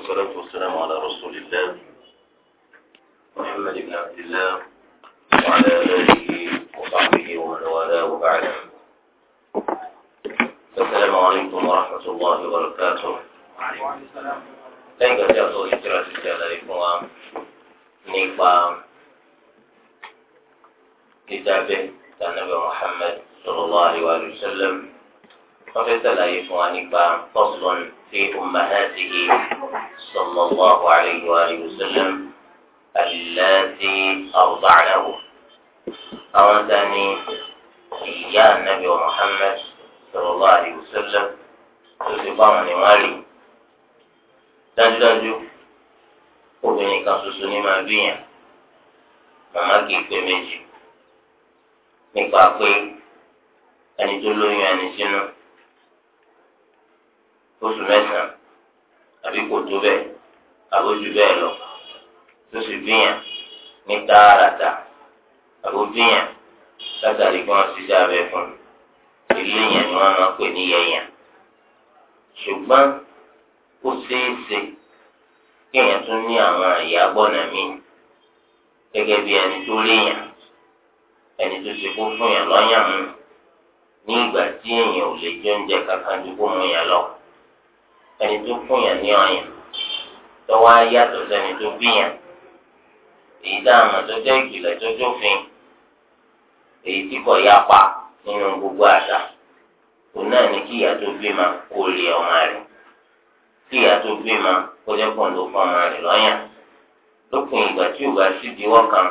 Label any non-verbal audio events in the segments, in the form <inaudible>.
والصلاة والسلام على رسول الله محمد بن عبد الله وعلى آله وصحبه ومن والاه وبعد السلام عليكم ورحمة الله وبركاته وعليكم السلام لن يجعل إجراء السلام نيفا كتابه كان محمد صلى الله عليه وسلم wọ́n fẹ́ sàlàyé fún wa nípa fọ́sùlọ́n fi ummahatihi sallallahu alayhi wa sallam allati arda'nahu. àwọn dání ìyá ànábì wa Muhammad sallallahu alayhi wa sallam tó ti bá wọn ní wọn rí. dájúdájú obìnrin kan ṣoṣo ní máa bíyàn màmá kì pé méjì nípa pé ẹni tó lóyún ẹni sínú oṣù mẹ́sàn-án àbí kò tó bẹ́ẹ̀ àbójú bẹ́ẹ̀ lọ tó sì bíyàn ní tààràtà àbóbíyàn látàrí kí wọ́n ti dábẹ fún ilé yẹn ni wọ́n máa pè ní yẹyàn ṣùgbọ́n kò ṣeé ṣe kéèyàn tún ní àwọn àyà gbọ́nà míì gẹ́gẹ́ bí ẹni tó léèyàn ẹni tó ṣe kó fún yàn lọ́yàn mú ní ìgbà tí èèyàn ò lè jẹ oúnjẹ kankan ju mú yàn lọ. ẹni tó fún yàn ní ọyàn tọwọ́ yàtọ̀ sẹ́ni tó bí yàn èyí tá a mọ̀ tó jẹ́ ìkìlẹ̀ tó jófin èyí tí kò pa nínú gbogbo àṣà náà ní kí tó bí ma kó lè ọmọ rẹ̀ kí ìyá tó bí ma kó jẹ́ pọ̀ ló fún ọmọ rẹ̀ lọ́yàn lópin ìgbà tí ò bá sí kan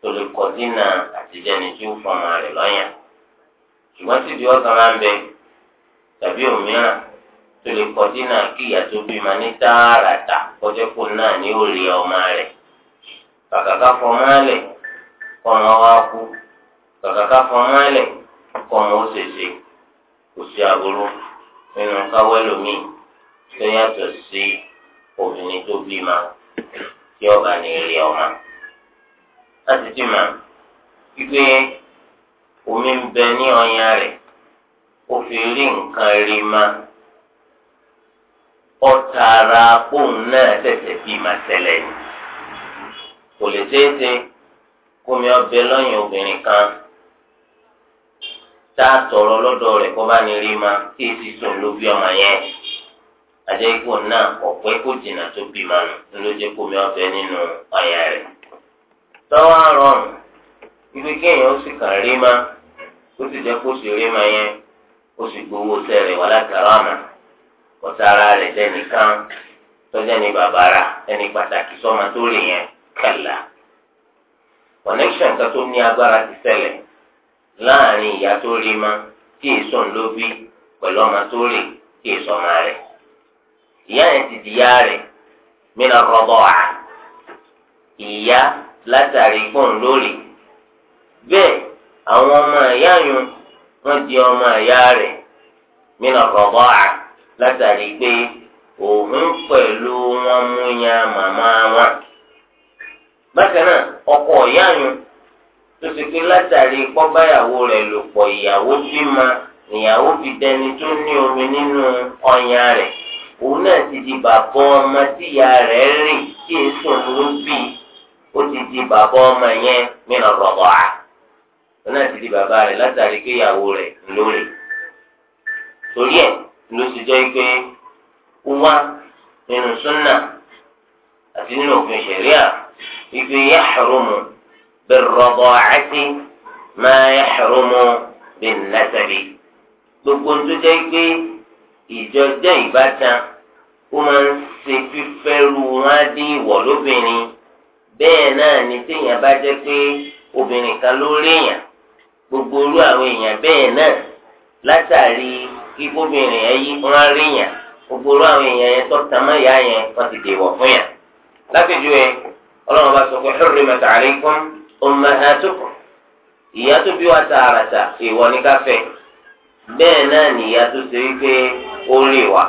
tó lè kọ́ dínà tí ó fún ọmọ rẹ̀ lọ́yàn ṣùgbọ́n tí kan máa ń bẹ tàbí òmíràn tó lè kọjú náà kí ìyá tó bímọ ní tààràtà kọjá kó náà ní òòlì ọmọ rẹ̀ kàkàkà fọmọ́lẹ̀ kọ̀ọ̀mọ́ wa kú kàkàkà fọmọ́lẹ̀ kọ̀ọ̀mọ́ òṣèṣe kò sí àbúrò nínú káwẹ́lòmíì tó yàtọ̀ sí obìnrin tó bímọ tí ọba ní ilé ọmọ láti tí ma wípé omi ń bẹ ní ọyàn rẹ̀ ó fi rí nǹkan rí máa. ọ̀tàrà pòun náà tẹ̀sẹ̀ bí máa tẹ̀lẹ̀ ni. kò lè komi kómi ọbẹ̀ lọ́yìn obìnrin kan tá a tọrọ lọ́dọ̀ rẹ̀ kó bá ní rí ma kí sùn ọmọ yẹn. ajẹ́ ikú náà ọ̀pẹ́ kò jìnnà tó bí ma nù ló jẹ́ kómi ọbẹ̀ nínú rẹ̀. tọ́wọ́ rọrùn ibi kéèyàn ó sì ma ó sì jẹ́ kó ma yẹn ó sì gbowó sẹ́rẹ̀ wà ọ̀sára rẹ̀ dẹ́nìkan tọ́jà ní bàbára ẹni pàtàkì sọ́mọ tó rè yẹn kàlà. connection kan tó ní agbára ti ṣẹlẹ̀ láàrin ìyá tó rí ma tí èso ń ló bí pẹ̀lú ọmọ tó rè tí èso ọmọ rẹ̀. ìyá yẹn ti di ìyá rẹ̀ mina rọ́bọ̀ à ìyá látàrí fóun lórí bẹ́ẹ̀ àwọn ọmọ ìyá yun wọ́n di ọmọ ìyá rẹ̀ mina rọ́bọ̀ à. látàrí pé òun pẹ̀lú wọn mú ya màmá wọn. bákan náà ọkọ ìyáàyùn tó ti pé látàrí pọ́báyàwó rẹ̀ lò pọ̀ ìyàwó bímọ ìyàwó fi dẹni tó ní omi nínú ọyàn rẹ̀ òun náà ti di bàbá ọmọ tíya rẹ̀ rìn kí èso ló bì ó ti di bàbá ọmọ yẹn mìíràn rọ̀bọ̀ à òun náà ti di bàbá rẹ̀ látàrí pé ìyàwó rẹ̀ lórí. torí ẹ̀ ló ti jẹ́ pé ó wá nínú súnà àti nínú òfin ṣẹ̀ríà ìgbé yahrumu birrada'ati ma yahrumu binnasabi gbogbo tó jẹ́ pé ìjọjẹ́ ìbátan ó máa ń ṣe fífẹ́rù wọn á dín ìwọ̀ lóbìnrin bẹ́ẹ̀ náà ni téèyàn bá jẹ́ pé obìnrin kan ló rí gbogbo orú àwọn èèyàn bẹ́ẹ̀ náà látàrí ikóbìnrin yẹn yí wọn á rí yàn gbogbo àwọn èèyàn yẹn tó tàmá ya. yẹn wọn ti dèwọ fún yàn. lápẹjù ẹ ọlọ́run bá sọ pé hurrimat alaykum ummahatukum ìyá tó bí wa tààràtà ìwọ ní káfẹ́ bẹ́ẹ̀ náà nìyá tó ṣe wípé ó lè wà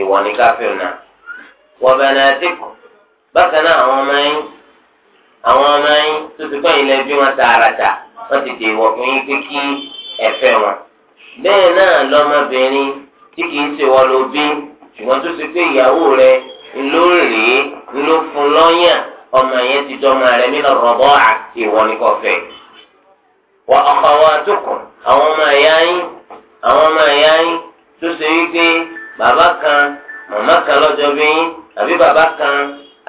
ìwọ ní náà. bákan náà àwọn ọmọ yín àwọn bẹ́ẹ̀ náà lọ́mọbìnrin tí kìí ṣe wọ́n ló bí ṣùgbọ́n tó ṣe pé ìyàwó rẹ̀ ló rèé ló fún lọ́yàn ọmọ yẹn ti dọ́mọ rẹ̀ nínú rọ̀bọ́ àti ìwọ ní kọfẹ́. wà akhawatukum àwọn ọmọ ẹ̀yà yín àwọn ọmọ ẹ̀yà yín tó ṣe wípé bàbá kan màmá kan lọ́jọ́ bí yín àbí bàbá kan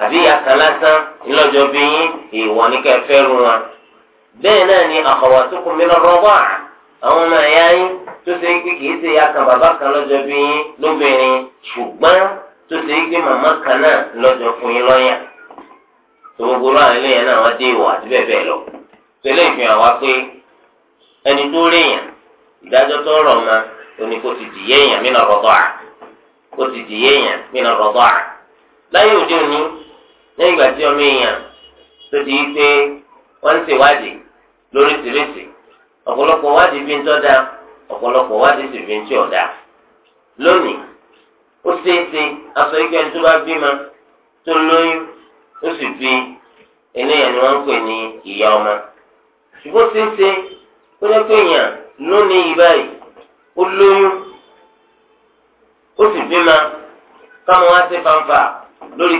àbí ìyá kan lásán ńlọ́jọ́ bí yín ìwọ rú wọn. bẹ́ẹ̀ náà ni akhawatukum nínú rọ̀bọ́ àti àwọn ọmọ ẹ̀yà yín tó ṣe kìí ṣe ya kan bàbá kan lọ́jọ́ bí yín lóbìnrin ṣùgbọ́n tó ṣe é pé màmá kan náà lọ́jọ́ fún yín lọ́yàn tó gbogbo láàrin lẹ́yìn náà dé lọ tẹ́lẹ̀ ìfihàn wá pé ẹni tó ìdájọ́ tó rọ̀ ma ti dìyẹ́ èèyàn mí náà à ti dìyẹ́ èèyàn mí náà à láyé òde òní lẹ́yìn ìgbà tí ọmọ èèyàn tó pé wọ́n ọ̀pọ̀lọpọ̀ wádìí fi ń ọ̀pọ̀lọpọ̀ wádìí sì fi ń tí ọ̀dà lónìí ó ṣeéṣe aṣọ ike ẹni tó bá bímọ tó lóyún ó sì fi eléyàn ni wọ́n ń pè ní ìyá ọmọ ṣùgbọ́n ṣeéṣe ó lónìí yìí báyìí ó lóyún ó sì bímọ káwọn wá sí fanfa lórí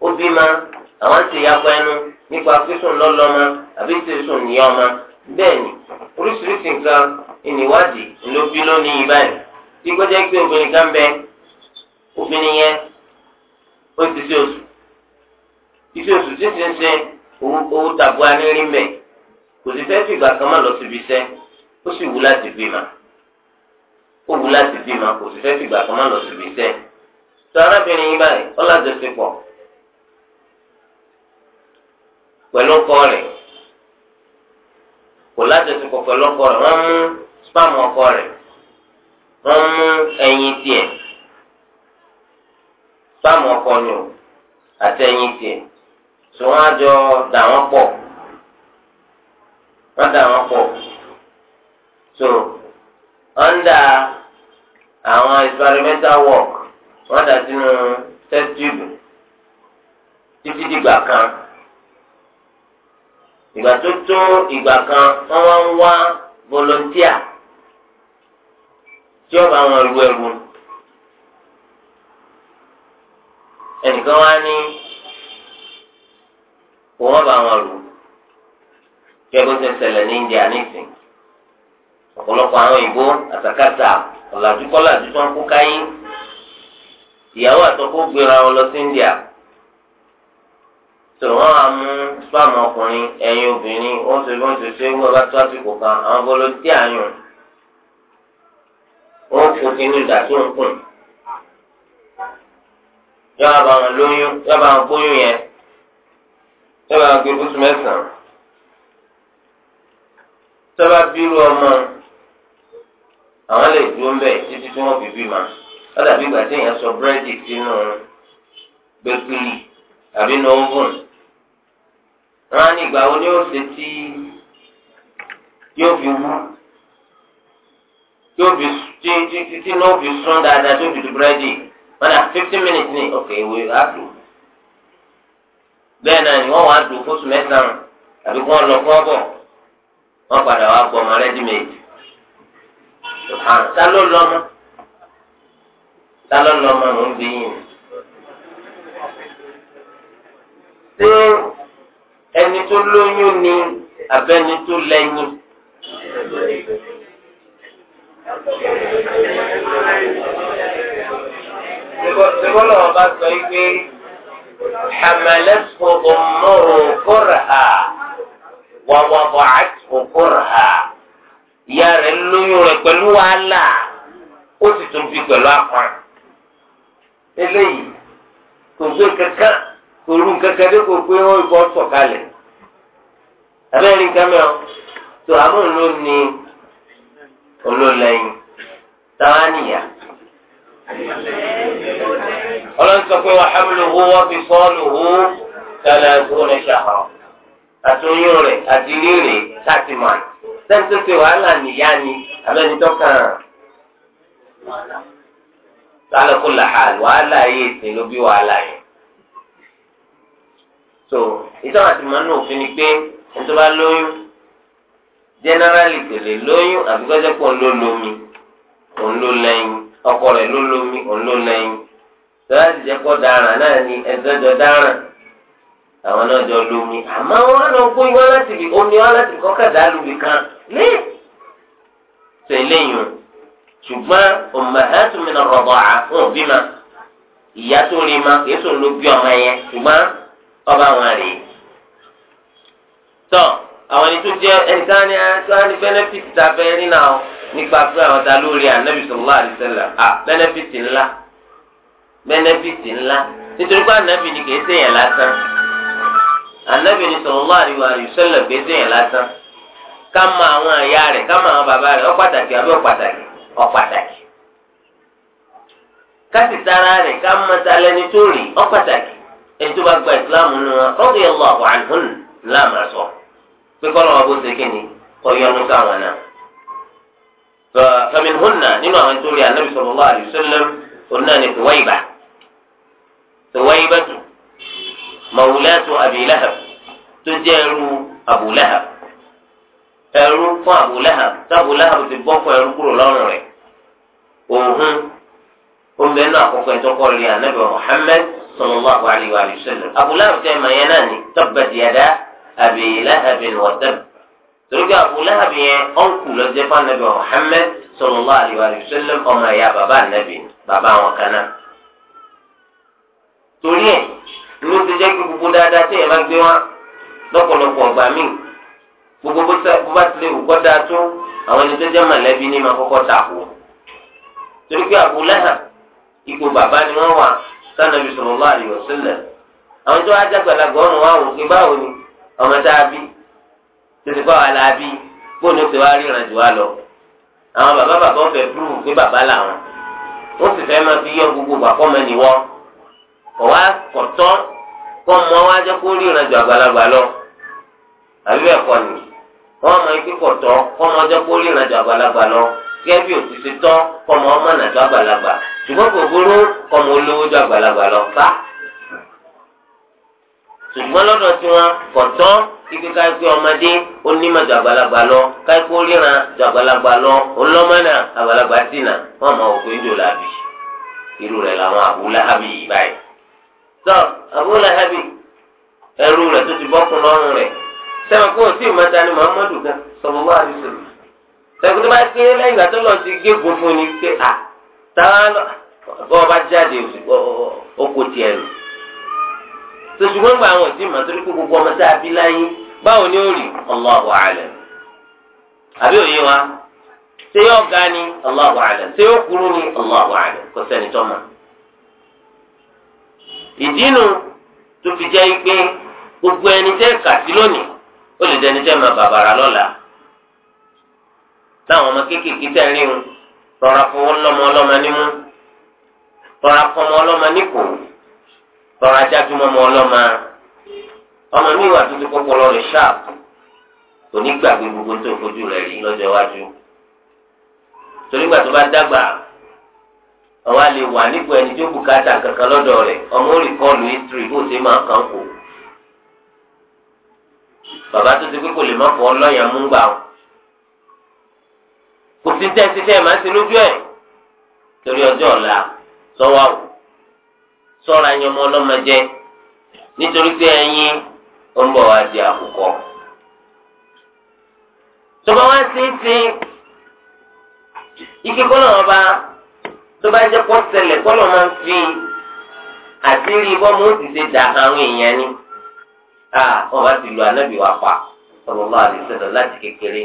ó bí ma àwọn ti yàgbọ́ ẹnu nípa sísun lọ́lọ́mọ àbí sísun níyọ́mọ bẹ́ẹ̀ ni oríṣiríṣi nǹkan ìníwádìí ló bí lónìí báyìí tí gbọ́dọ̀ pé obìnrin kan bẹ obìnrin yẹn ó ti ṣe oṣù ìṣe oṣù tí ti ń ṣe owó tàbúrà ní rí mbẹ kò sì fẹ́ fìgbà kan má lọ síbi iṣẹ́ ó sì wù láti bímọ ó wù láti bímọ kò sì fẹ́ fìgbà kan má lọ síbi iṣẹ́ tó arábìnrin yìí báyìí ọlá ti pọ̀ pẹ̀lú ọkọ rẹ̀ kò lájọsìnkọ pẹ̀lú ọkọ rẹ̀ wọ́n mú spam ọkọ rẹ̀ wọ́n mú ẹyin tiẹ̀ spam ọkọ ni o àti ẹyin tiẹ̀ tí wọ́n á jọ dà wọ́n pọ̀ wọ́n dà wọ́n pọ̀ so under àwọn experimental work wọ́n dà sínú test tube títí dìgbà kan ìgbà tó tó ìgbà kan wọ́n wá ń wá volunteer tí ó bá wọn ru ẹrù ẹnìkan wá ní kò wọ́n bá wọn rù kí ẹgbẹ́ tó ń ṣẹlẹ̀ ní India nísìn ọ̀pọ̀lọpọ̀ àwọn òyìnbó àtàkàtà ọ̀làjú kọ́làjú tó ń kú káyé ìyàwó àtọkọ́ gbéra wọn lọ sí India tòun wọn á mú spam ọkùnrin ẹyin obìnrin ó ń ṣe bó ń ṣe ṣe wọ́n bá tó àsìkò kan àwọn volunteer àyàn ó ń kó sínú ìdá tó ń kùn yọba bá wọn lóyún yọba wọn gbóyún yẹn yọba wọn gbé bùsùn mẹ́sàn-án tọ́ba bírú ọmọ àwọn lè dúró ń bẹ̀ títí tí wọ́n fi bí ma ọ̀dà bí gbàtí èèyàn sọ búrẹ́dì sínú gbẹ́pìlì àbí nọ́ọ̀bùn. wọn á ní ìgbà wo ni yóò ṣe tí yóò fi wú yóò fi tí tí tí tí náà fi sún dáadáa tó fi di búrẹ́dì minutes ni ok ìwé àdó bẹ́ẹ̀ náà ni wọ́n wá dùn fóṣù mẹ́sàn-án àbí kí wọ́n lọ kọ́ bọ̀ wọ́n padà wá gbọ́ ọmọ made ta lọ́mọ ta lọ́mọ ẹni tó lóyún ni abẹ́ni tó lẹ́yìn. Sibolo ọba sọ ipe hamalẹ́sọ ọmọrò kórha wàwàbọ̀ àtò kórha. Ìyá rẹ̀ lóyún rẹ̀ pẹ̀lú wàhálà ó sì tún fi pẹ̀lú apá. Eléyìí kò gbé kankan òru kankan dé kò pé ó bọ́ sọ̀kalẹ̀ abẹ́rẹ́ nǹkan mẹ́wọ́ tó àmọ́ òun ní olólẹ́yìn táwa nìyà. ọlọ́run sọ pé wà hamluhu wa fisaluhu thalathuna shahra àtúnyún rẹ̀ àdìrí rẹ̀ thirty months sẹ́ni tó ṣe wàhálà nìyá ni abẹ́ni dọ́kàn sálọ́kùnlá wàhálà yìí ti bí wàhálà yẹn. so ìtàn àti mọ́nú òfin ni pé ẹni tó bá lóyún generally kò lóyún àbí kọ́jọ́ pé òun ló lómi òun ló lẹ́yìn ọkọ rẹ̀ ló lómi òun ló lẹ́yìn tọ́lá ti jẹ́ kọ́ dáràn náà ni ẹ̀dọ́jọ́ dáràn àwọn náà jọ lómi àmọ́ wọn á lọ gbóyún wọn láti omi o ṣùgbọ́n òbí ma ìyá tó rí ma ọba wọn rèé tọ àwọn ẹni tó jẹ ẹnìkan ni ẹnìkan ni bẹnẹfìtì ta fẹ rí náà nípa pé àwọn ta lórí anabi sallallahu alaihi à bẹnẹfìtì ńlá bẹnẹfìtì ńlá nítorí pé anabi ni kìí ṣèyàn lásán anabi ni sallallahu alaihi wasallam kìí lásán ká mọ àwọn ẹ̀yà ká mọ àwọn bàbá àbí ká mọ tó ètò bá gba ìsìláàmù nù wọn radiyallahu anhun láàmú àṣọ pé kọ́ lọ́wọ́ bó ṣe kí ni ọ̀yọ́nu sáwọn náà. faminhunna nínú àwọn tó rí anabi sallallahu alayhi wa sallam òun náà ni Suwayba Suwaybatu mawlatu Abi Lahab tó jẹ́ ẹrú Abu Lahab ẹrú fún Abu Lahab ti bọ́ fún ẹrú kúrò lọ́rùn rẹ̀ sallallahu alaihi wa sallam abúláhàbù tẹ́ mọ̀ yẹn náà ní tabbat yada abi lahabin wa tab torí pé abúláhàbù yẹn ọ̀nkù lọ jẹ́ fún anabi muhammed sallallahu alaihi wa sallam ọmọ ẹ̀yà bàbá anabi bàbá wọn kan náà torí ẹ̀ ló ti jẹ́ kí gbogbo dáadáa tẹ̀yẹ̀ máa gbé wọn lọ́pọ̀lọpọ̀ ọgbà míì gbogbo bó bá tilẹ̀ wù sanabi sallallahu alaihi wasallam àwọn tó wa wò pé báwo a bí tètè bá wa la bí kó ní oṣù wa ríran jù wá lọ àwọn bàbá bàbá ń fẹ́ púrúfù pé bàbá làwọn ó sì máa fi yọ gbogbo bàkọ́ mọ wá kó ríran jù àgbàlagbà lọ àbí ni mọ ikú kó gẹ́gẹ́ bí òsì ṣe tán kọ́mọ ọmọ nàdó àgbàlagbà ṣùgbọ́n kò burú olówó àgbàlagbà lọ fà. ṣùgbọ́n lọ́dọ̀ tí wọn kò tán ibi káyipẹ́ ọmọdé àgbàlagbà lọ káyipẹ́ oríran àgbàlagbà lọ ọlọ́mọdà àgbàlagbà dínà wọn mọ òkú ìjọ làbí irú rẹ̀ làwọn yìí báyìí. tọ́ ẹrú rẹ̀ tó ti lọ́rùn rẹ̀ sẹ́wọ̀n kó o sọ̀rọ̀ bá ké lẹ́yìn ìgbà lọ sí gégùn fún ni pé à ah, táwọn bọ́ ọba jáde oko lò gba àwọn ìdí kó gbogbo ọmọ tá a bí láyé báwo ni ó rí Allahu alam àbí wa ṣé yóò ga ni Allahu abụọ ṣé yóò kúrú ni Allahu alam kò sẹ́ni tó gbogbo ẹni tẹ́ kà sí lónìí ó lè tẹ́ bàbàrà lọ́la. láwọn ọmọ kéékèèké tẹ̀ rí wọn tọ́ra fọwọ́ lọ́mọ ọlọ́mọ nímú tọ́ra fọmọ ọlọ́mọ níkò tọ́ra jájúmọ́mọ ọlọ́mọ ọmọ mi wà tuntun kọ́kọ́ lọ rẹ̀ ṣáàpù kò ní gbàgbé gbogbo tó fojú rẹ̀ rí lọ́jọ́ iwájú torí gbà tó bá dàgbà àwọn àlè wà nípò ẹni tó bùkátà kankan lọ́dọ̀ rẹ̀ ọmọ ó rìkọ́ọ̀lù history bó ṣe máa kàn kó bàbá tó ti pé kò lè má fọ́ lọ́yàn mú gbà kò sí tẹ́ ṣiṣẹ́ màá ṣe lójú ẹ̀ torí ọjọ́ ọ̀la sọ́wọ́ àwò sọ́ra ẹyin ọmọ ọlọ́mọ jẹ́ nítorí pé ẹyin ó ń bọ̀ wá di àkùkọ. tọ́ba wá sí ti ike kọ́nà ọba tó bá jẹ́ pọ́ sẹlẹ̀ kọ́nà máa ń fi àtìrí bọ́mú ó dà àwọn èèyàn ni. ọba ti lu anábìwá pa sallallahu alaihi wasallam láti kékeré.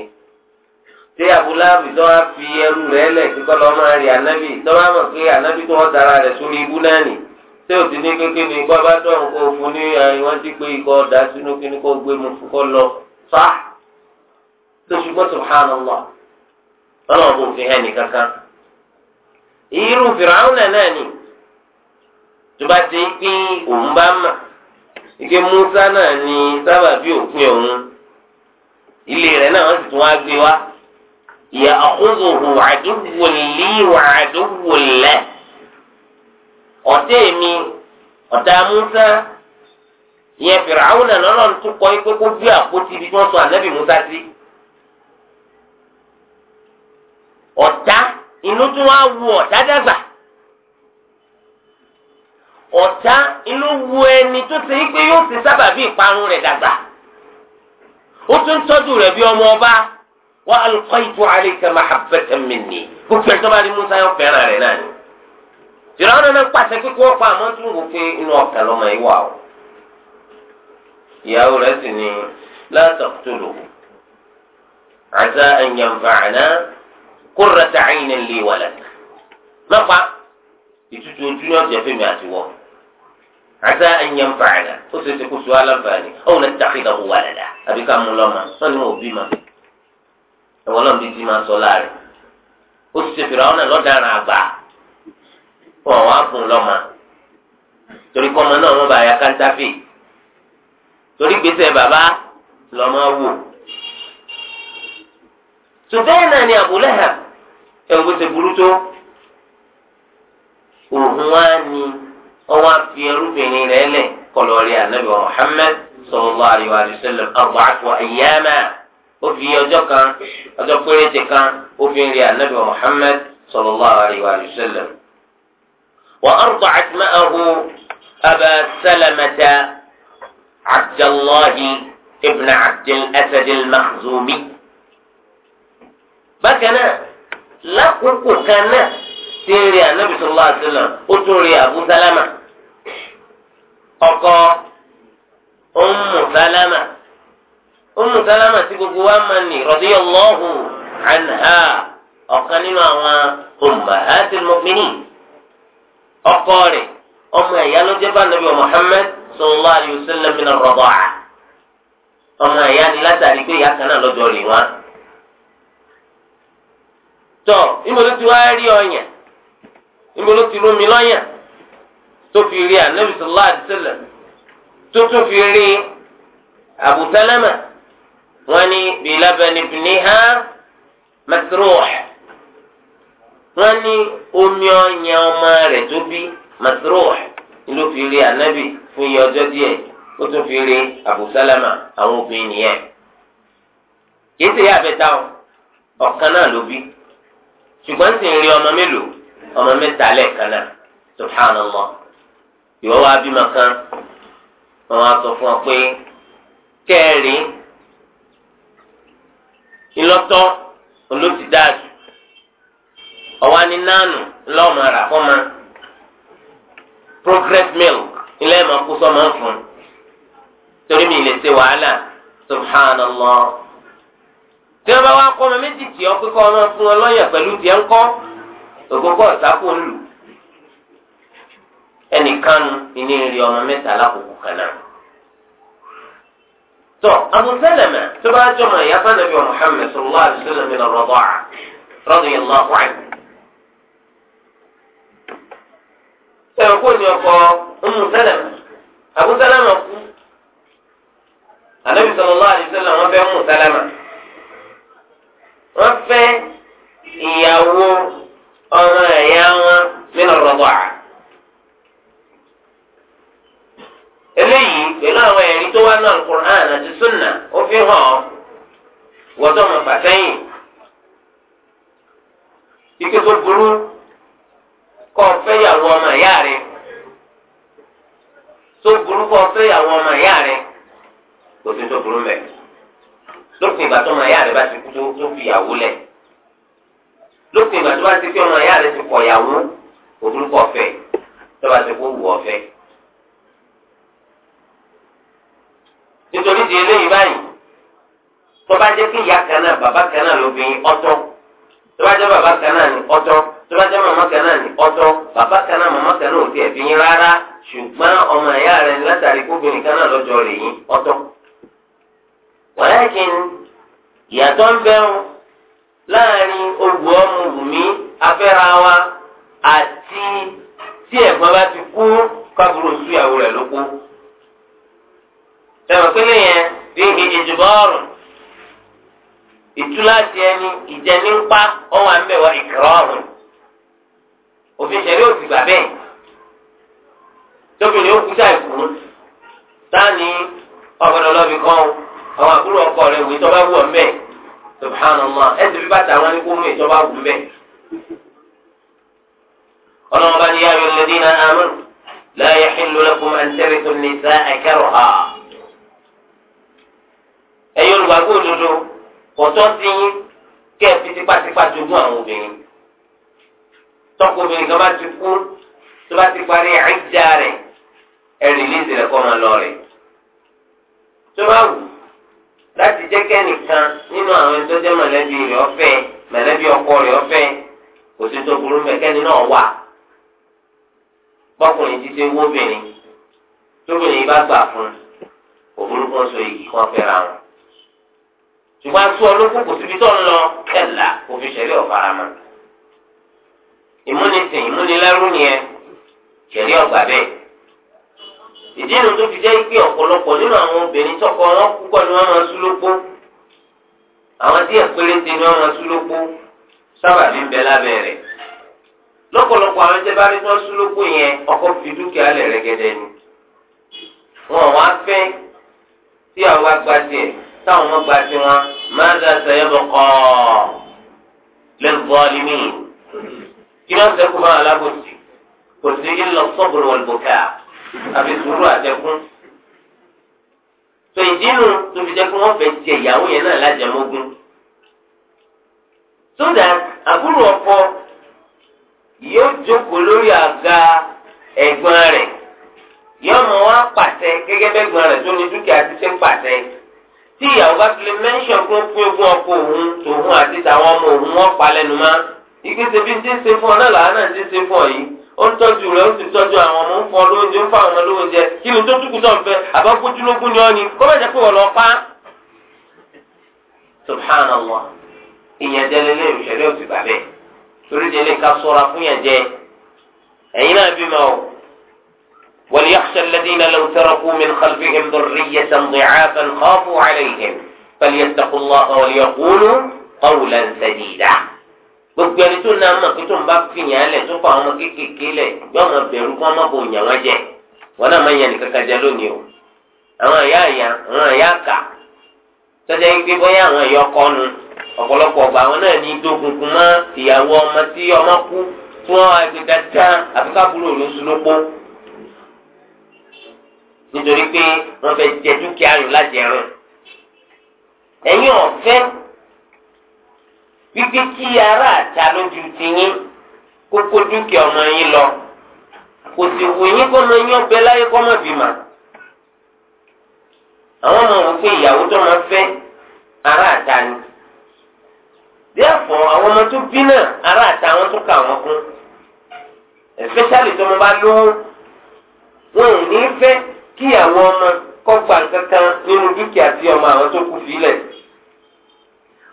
ṣé abúláàbì tó wá fi ẹrú rẹ̀ lẹ̀ kí kọ́ lọ́ọ́ rí ànábì tó mọ̀ pé tó wọ́n dara rẹ̀ sórí ibú náà nì o ti ní kékeré ní ikọ́ bá fún ní ti pé ikọ́ ọ̀dà sínú kí ni gbé mu fún kọ́ lọ fa tó ṣùgbọ́n subhanallah ọlọ́run kò fi hẹ́ni kankan irú fìràwọn náà tó bá ti ya'khudhuhu 'aduwwun li wa 'aduwwun lahu. ọ̀tẹ̀ mi ọ̀tá Musa ìyẹn Fìràwọn náà lọ́nà tó kọ́ ikú kó bí àpótí ibi tí wọ́n sọ ànábì Musa sí. ọ̀tá inú tí wọ́n á wu ọ̀tá dàgbà ọ̀tá inú wu ẹni tó ṣe pé yóò ti sábà bí ìparun rẹ̀ dàgbà ó tún tọ́jú rẹ̀ bí ọmọ ọba wa alqaitu alayka mahabbatan minni gbogbo ẹjọ bá rí musa yóò fẹ́ràn rẹ̀ náà ni fìràwọn náà pàṣẹ kíkú ọ̀pọ̀ àmọ́ tún wò pé inú ọkàn lọmọ yìí wà o ìyàwó rẹ̀ sì ni la taqtuluhu asa an yanfa'ana qurrata 'aynin li ìtutù ojú ni ọ̀jẹ̀ fẹ́mi àti wọ́ asa an yanfa'ana ó ṣe é ṣe kó so aláǹfààní aw nattakhidhahu walada àbíká mú lọ́mọ wọn ni wọn ò bí ma. ẹ̀wọ̀n náà bíi ti máa sọ láàrin ó ti ṣe fìrà ọ̀nà lọ́daràn àgbà fún àwọn ààbùn lọ́mà torí kọ́mọ náà wọ́n bá ya kántáfì torí gbèsè bàbá lọ́mọ wò sùbẹ́ẹ̀ náà ni Abu ẹ̀wọ̀n burú tó wá ní ọwọ́ àfi ẹrúbìnrin ó fi ọjọ́ kan ọjọ́ péréte kan ó fi ń rí anabi muhammed sallallahu alayhi wa sallam. wa arda'at ma'ahu aba salamata abdallahi ibn abdul asadil mahzumi. makhzumi bákan náà lákòókò kan náà ti ń rí anabi sallallahu alayhi wa sallam ó tún rí abu salama ọkọ ummu salama. Ummu Salama tí gbogbo wa máa nì radiyallahu anha ọ̀kan nínú àwọn ummahatil mu'minin ọkọ rẹ̀ ọmọ ẹ̀yà ló jẹ́ bá nàbí Muhammad sallallahu alayhi wa sallam min ar-rada'a ọmọ ẹ̀yà ni látàrí pé ìyá kan náà lọ́jọ́ rè wá. tọ́ ìmọ̀lẹ́ ti wá rí ọyàn ìmọ̀lẹ́ ti rú mi lọ́yàn tó fi rí Ànábì sallallahu alayhi tó tún fi rí Abu wọ́n ní bilabani biniha masruh wọ́n ní omi ọyàn ọmọ rẹ tó bí masruh ló fi rí anabi fún iye ọjọ́ díẹ̀ ó tún fi rí abusalama àwọn obìnrin nìyẹn kìí ṣe abẹta abẹ́ta náà ló bí ṣùgbọ́n sì ń rí ọmọ mélòó ọmọ mẹ́ta lẹ́ẹ̀kan náà wa fún ọ pé ńlọtọ olóòtú dáàtú ni nánù ńlọ́ọ̀mọ rà fọ́mọ progress milk ilé ẹ̀ máa kó sọ́mọ fún torí mi lè ṣe wàhálà subhanallah tí wọ́n bá wá kọ́ ọmọ méjì tí ọ pé kọ́ ọmọ fún ọ pẹ̀lú ń kọ́ rí ọmọ mẹ́ta lákòókò kan náà. tọ Abu Salama tó bá jọmọ ìyá fanabi wa Muhammad sallallahu alayhi wa sallam min ar-rada'a radiyallahu anhu. sọ̀rọ̀ kó ní ọkọ Ummu Salama Abu Salama kú anabi sallallahu alayhi wa sallam wọn fẹ́ Ummu Salama wọn fẹ́ ìyàwó ọmọ ẹ̀yà wọn min ar-rada'a. eléyìí pẹ̀lú àwọn ẹ̀rí tó wá náà Qur'an àti sunna ó fi hàn ọ́ wọ́tọ̀ mọ̀ fàtẹ́yìn ike tó burú kọ́ fẹ́yàwó ọmọ ìyá rẹ̀ tó burú kọ́ fẹ́yàwó ọmọ ìyá rẹ̀ kò sí tó burú mẹ́ lópin ìgbà tó ọmọ ìyá rẹ̀ bá ti kú tó fìyàwó lẹ̀ lópin ìgbà tó bá ti fi ọmọ ìyá rẹ̀ ti kọ̀yàwó òbúrúkọ ọ̀fẹ́ tó bá ti kú wù ọ̀fẹ́. nítorí di eléyìí báyìí tó bá jẹ́ kí ìyá kan náà bàbá kan náà lóbìnrin ọ̀tọ̀ tó bá jẹ́ bàbá kan náà ní ọ̀tọ̀ tó bá jẹ́ màmá kan náà ní ọ̀tọ̀ bàbá kan náà màmá kan náà ò tiẹ̀ bí yín rárá ṣùgbọ́n ọmọ ìyá rẹ̀ ní látàrí kóbìnrin kan náà lọ́jọ́ rẹ̀ yín ọ̀tọ̀. wàlákin ìyàtọ̀ ń bẹ́rù láàrin olùwọ́ ọmọ wùmí afẹ́ra wa àti tí ẹ̀gbọ́n bá ti kú kábùrò sọ̀rọ̀ pé lẹ́yìn bíi ìjìbọ́ọ̀rù ti ẹni ìjẹnipa ọ̀hún àmbẹ̀wá ìkìrọ̀ọ̀rù òfin ofe òsì gbà bẹ́ẹ̀ tóbìnrin ó kú sáì fún sáàni ọ̀gbọ́dọ̀ lọ́bi kan àwọn àbúrò ọkọ rẹ̀ wò ìtọ́ba wù ọ́ mbẹ́ bàtà wọn kó mú wù mbẹ́ olùwàgbọ́ òdodo ọ̀tọ́ sí yín kẹ́ ẹ fi tipátipá jogún àwọn obìnrin tọ́kọ obìnrin kan bá ti kú tó bá ti parí àìjà rẹ̀ ẹ rìlíìsì rẹ̀ kọ́ máa lọ rẹ̀ tó bá wù láti jẹ́ kẹ́nìkan nínú àwọn ẹni tó jẹ́ mọ̀lẹ́bí rẹ̀ ọ̀fẹ́ mọ̀lẹ́bí ọkọ rẹ̀ ọ̀fẹ́ kò sí tó burú mẹ́ kẹ́ni náà wà bọ́kùnrin ti ṣe wóbìnrin tóbìnrin bá gbà fún òfurufú sọ èyí fẹ́ra wọn ṣùgbọ́n atú ọlọ́kùn kò síbi tó ń lọ kẹlà òfin ṣẹ̀rí ọ̀farama ìmúnisìn ìmúnilẹ́rú nìyẹn ṣẹ̀rí ọ̀gbà bẹ́ẹ̀ ìdí inú tó fi jẹ́ pé ọ̀pọ̀lọpọ̀ nínú àwọn obìnrin tọkọ wọn púpọ̀ ni wọ́n máa sú lópó àwọn díẹ̀ péréte ni wọ́n máa sú lópó sábà ní bẹ lábẹ́ rẹ̀ lọ́pọ̀lọpọ̀ àwọn tẹ́ bá rí tán sú lópó yẹn ọkọ fi dúkìá lẹ̀ rẹ́gẹ́dẹ́ ni wọn wá fẹ́ tí àwọn bá gbá tiẹ̀ táwọn ọmọ gba sí wọn máa dá sẹ́yìn bọ̀ kọ́ lẹ́nu bọ́ọ̀lì mi. kí wọ́n sẹ́kù bá wọn alábòsí kò sí ilẹ̀ sọ́bùrù wọn bùkà àfi sùúrù àtẹkùn. tó ìdínú tó fi jẹ́ kí wọ́n fẹ́ jẹ ìyàwó yẹn náà lájẹmógún. sódà àbúrò ọkọ yóò jókòó lórí àga ẹ̀gbọ́n rẹ̀ yọ́mọ wa pàṣẹ gẹ́gẹ́ bẹ́gbọ́n rẹ̀ tó ní dúkìá ti ṣe pàṣẹ. tí ìyàwó bá ti lè mẹ́ńsàn kó pín ogún ọkọ òun tòun àti tàwọn ọmọ òun wọn palẹ́nu má ike ṣebí ti ń ṣe fún ọ náà làwọn náà ti ń fún ọ yìí ó ń tọ́jú rẹ̀ ó sì tọ́jú àwọn ọmọ ń fọ lóúnjẹ ń fa àwọn ọmọ lóúnjẹ kí tó túkú tó ń fẹ́ ni ọ وليخشى الذين لو تركوا من خلفهم ذرية ضعافا خافوا عليهم فليتقوا الله وليقولوا قولا سديدا gbogbo ẹni tó náà mọ̀ pé tó ń bá fìyàn lẹ̀ tó fa ọmọ kéékèèké lẹ̀ yọ ọmọ bẹ̀rù kó ọmọ bò yàn wọ́n jẹ wọn náà máa yàn nìkan kájà lónìí o àwọn ẹ̀yà àyà àwọn ẹ̀yà kà tọ́jà yín bóyá àwọn ẹ̀yà ọkọ nu ọ̀pọ̀lọpọ̀ ọgbà àwọn náà ní dógungun mọ́ ìyàwó ọmọ tí ọmọ kú tí wọ́n á gbé dáadáa àfikàbúrò lóṣù lópó nítorí pé wọ́n fẹ́ jẹ dúkìá rẹ̀ lájẹrùn ẹ̀yin ọ̀fẹ́ wípé kí ara àta lójú tiyín kókó dúkìá ọmọ yín lọ kò sì wù yín kó ọmọ yín ọbẹ̀ láyé kó ọmọ bímọ àwọn ọmọ òun fún ìyàwó tó máa fẹ́ ara àta ni díẹ̀fọ́ àwọn ọmọ tó bí náà ara àta wọn tó kà wọ́n kún especially tó mo bá lówó wọn ò ní fẹ́ kí àwọn ọmọ kọ́ gba nǹkan kan nínú dúkìá tí ọmọ àwọn tó kù sílẹ̀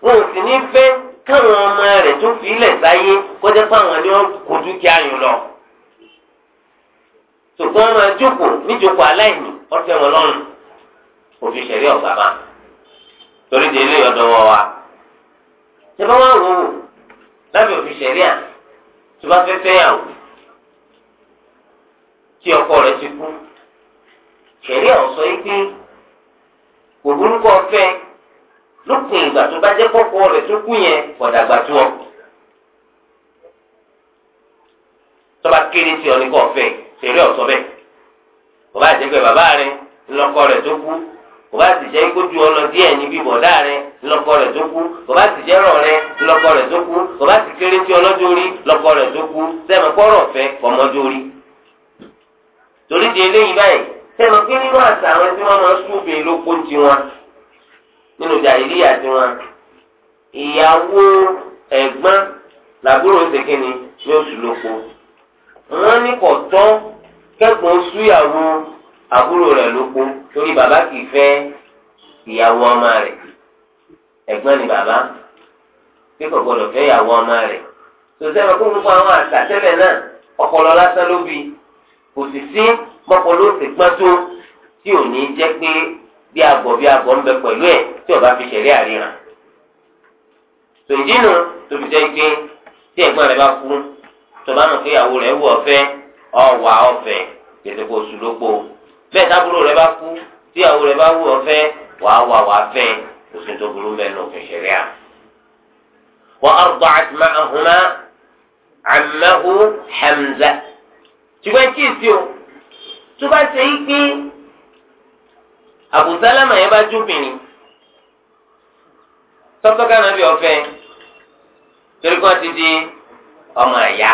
wọn ò sì ní fẹ́ káwọn ọmọ rẹ̀ tó sílẹ̀ sáyé kọjá fáwọn ni wọ́n kó dúkìá yìí lọ tòkó wọn máa jókòó níjókòó aláìní ọtẹ wọn lọ́rùn òfin ṣẹlẹ̀ ọgbà máa torí de ilé ọ̀dọ̀ wọn wa tẹbá wọn wò ó lábẹ́ òfin ṣẹlẹ̀ à tó bá fẹ́ fẹ́yàwó tí ọkọ rẹ̀ ti kú ṣẹ̀rí ọ̀hún sọ yìí pé kò burúkọ fẹ́ lópin ìgbà tó bá jẹ́ kọ́kọ́ rẹ̀ tó kú yẹn kọ̀dàgbà tó ọ. tọ́ba kéré sí ọ ní kọ́ fẹ́ ṣẹ̀rí ọ̀hún sọ bẹ́ẹ̀ kò bá jẹ́ pé bàbá rẹ̀ ńlọkọ rẹ̀ tó kú kò bá sì jẹ́ ikójú ọlọ díẹ̀ níbi bọ̀dá rẹ̀ ńlọkọ rẹ̀ tó kú kò bá sì jẹ́ rọ̀ rẹ̀ tó kú kò bá sì kéré sí rẹ̀ tó kú sẹ́mi kọ́rọ̀ fẹ́ kọ́mọ́jọ́ torí di eléyìí báyìí sẹ́nu kí nínú àṣà àwọn tí wọ́n máa ń súnbìn lóko ti wọn nínú jàìlíyà ti wọn ìyàwó ẹ̀gbọ́n làbúrò ṣèkínni ní oṣù lóko wọ́n ní kò tọ́ kẹ́gbọ́n súyàwó àbúrò rẹ̀ lóko torí bàbá kì í fẹ́ ìyàwó ọmọ rẹ̀ ẹ̀gbọ́n ni bàbá bí kò gbọdọ̀ fẹ́ ìyàwó ọmọ rẹ̀ tòṣẹ́ wọn kó gbogbo àwọn àṣà tẹ́lẹ̀ náà ọpọlọ lásán ló bí kò sì sí mọ́kọ́ ló ti pẹ́ tó tí ò ní jẹ́ pé bí agbọ̀ bí agbọ̀ ń bẹ pẹ̀lú ẹ̀ tí ọba fi ṣẹ̀rí àríran. tòǹdínú tó fi jẹ́ pé tí ẹ̀gbọ́n rẹ bá kú tọ́ba nù pé ìyàwó rẹ̀ wù ọ̀fẹ́ ọ̀wà ọ̀fẹ́ kẹsẹ̀ kó sùn lóko bẹ́ẹ̀ tábúrò rẹ bá kú tí ìyàwó rẹ bá wù ọ̀fẹ́ wàá wà wàá fẹ́ òsì tó burú mẹ́nu òfin ṣẹ̀rí à. wọ́n ọ̀gbọ́n àti máa hùmá àmẹ́hù Hamza ṣùgbọ́n kí ìsì tó bá ṣe é gbé àbùsálàmà yẹn bá jóbìnrin tọ́tọ́ká náà bí ọ̀fẹ́ torí kan ti di ọmọ ẹ̀yà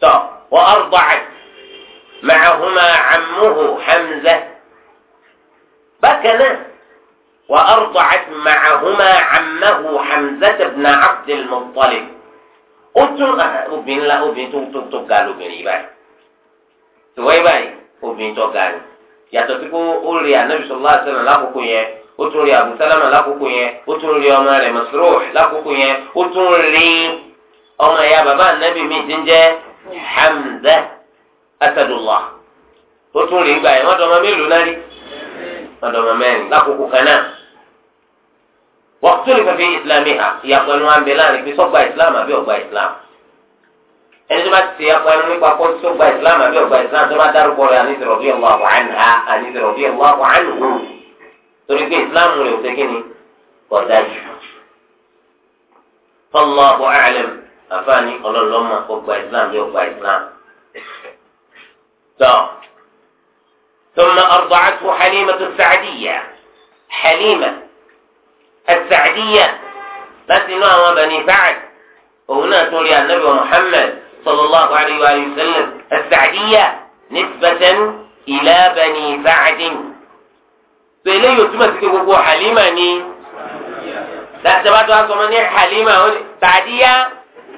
tọ́ wọ́n ọ̀rùbọ̀ màáhùmá àmúhù Hamza bákan náà wọ́n ọ̀rùbọ̀ màáhùmá àmúhù Hamza tẹ̀bùnà Abdul Muttalib ó tún obìnrin la obìnrin tó tó ga lóbìnrin báyìí. ìwọ́n báyìí obìnrin tó ga ni yàtọ̀ sí pé ó rí anabi sallallahu alaihi lákòókò yẹn abu salama lákòókò yẹn ó tún rí ọmọ rẹ̀ masruh lákòókò yẹn ó tún rí ọmọ ya baba anabi mi ti hamza asadullah ó tún rí gbà yẹn wọ́n dọ̀mọ mélòó náà rí wọ́n dọ̀mọ lákòókò wọ́n tún islam islam. ẹni tó bá ti ẹ̀kọ́ ẹnu nípa kó tó gba ìsìlámù àbí ọgbà ìsìlámù tó bá dárúkọ rẹ̀ àní ìdìrọ̀bí ọ̀wá wàhánà àní ìdìrọ̀bí ọ̀wá wàhánà wò torí pé ìsìlámù rẹ̀ ò sé kíni kọ̀ dájú. fọlọ́ ọ̀pọ̀ àlẹ́m àfáàní ọlọ́lọ́mọ ọgbà ìsìlámù bí ọgbà ìsìlámù. tọ́ ثم أرضعته حليمة السعدية حليمة السعدية láti inú àwọn bani Sa'd òun náà tún rí صلى الله عليه وآله وسلم السعدية نسبة إلى بني سعد فإليه يتم سكبه حليمة ني تأتبات واسمني حليمة سعدية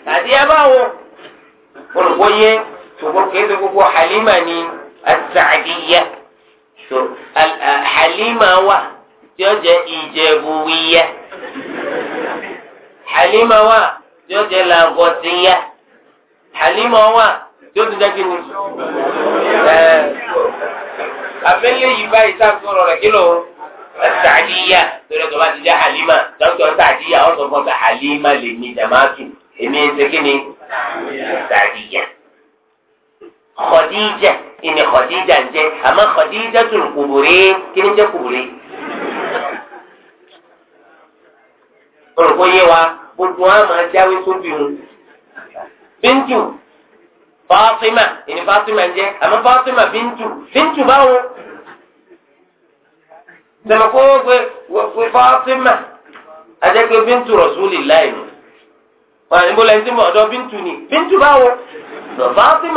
سعدية باو قلقوية تقول كيف تقول حليمة ني السعدية حليمة وه تيجي إيجابوية حليمة وه تيجي لاغوتية Halima wà tí ó ti jẹ́ kí ni. Àbẹ́lẹ̀ yìí báyìí sáfọ̀rọ̀ rẹ̀ kí ló sàdíyà lórí ọ̀tọ̀ bá ti jẹ́ Halima dọ́kítọ̀ sàdíyà ọ̀tọ̀ fún ọ̀tọ̀ Halima lè ní jàmáàtù èmi ṣe kí ni sàdíyà. Khadija ìní Khadija ń jẹ́ àmọ́ Khadija tún kùbùrẹ́ kí ni jẹ́ kùbùrẹ́. Olùkọ́ yé wa gbogbo wa máa jáwé sóbì òun. Bintu, fátímà ìní fátímà ń jẹ́ àmọ́ Bintu. Bintu bíntù báwo sọ̀rọ̀ kó wọ́n fátímà àjẹpẹ́ Bintu Rasulillah nù wọn Bintu ni báwo ti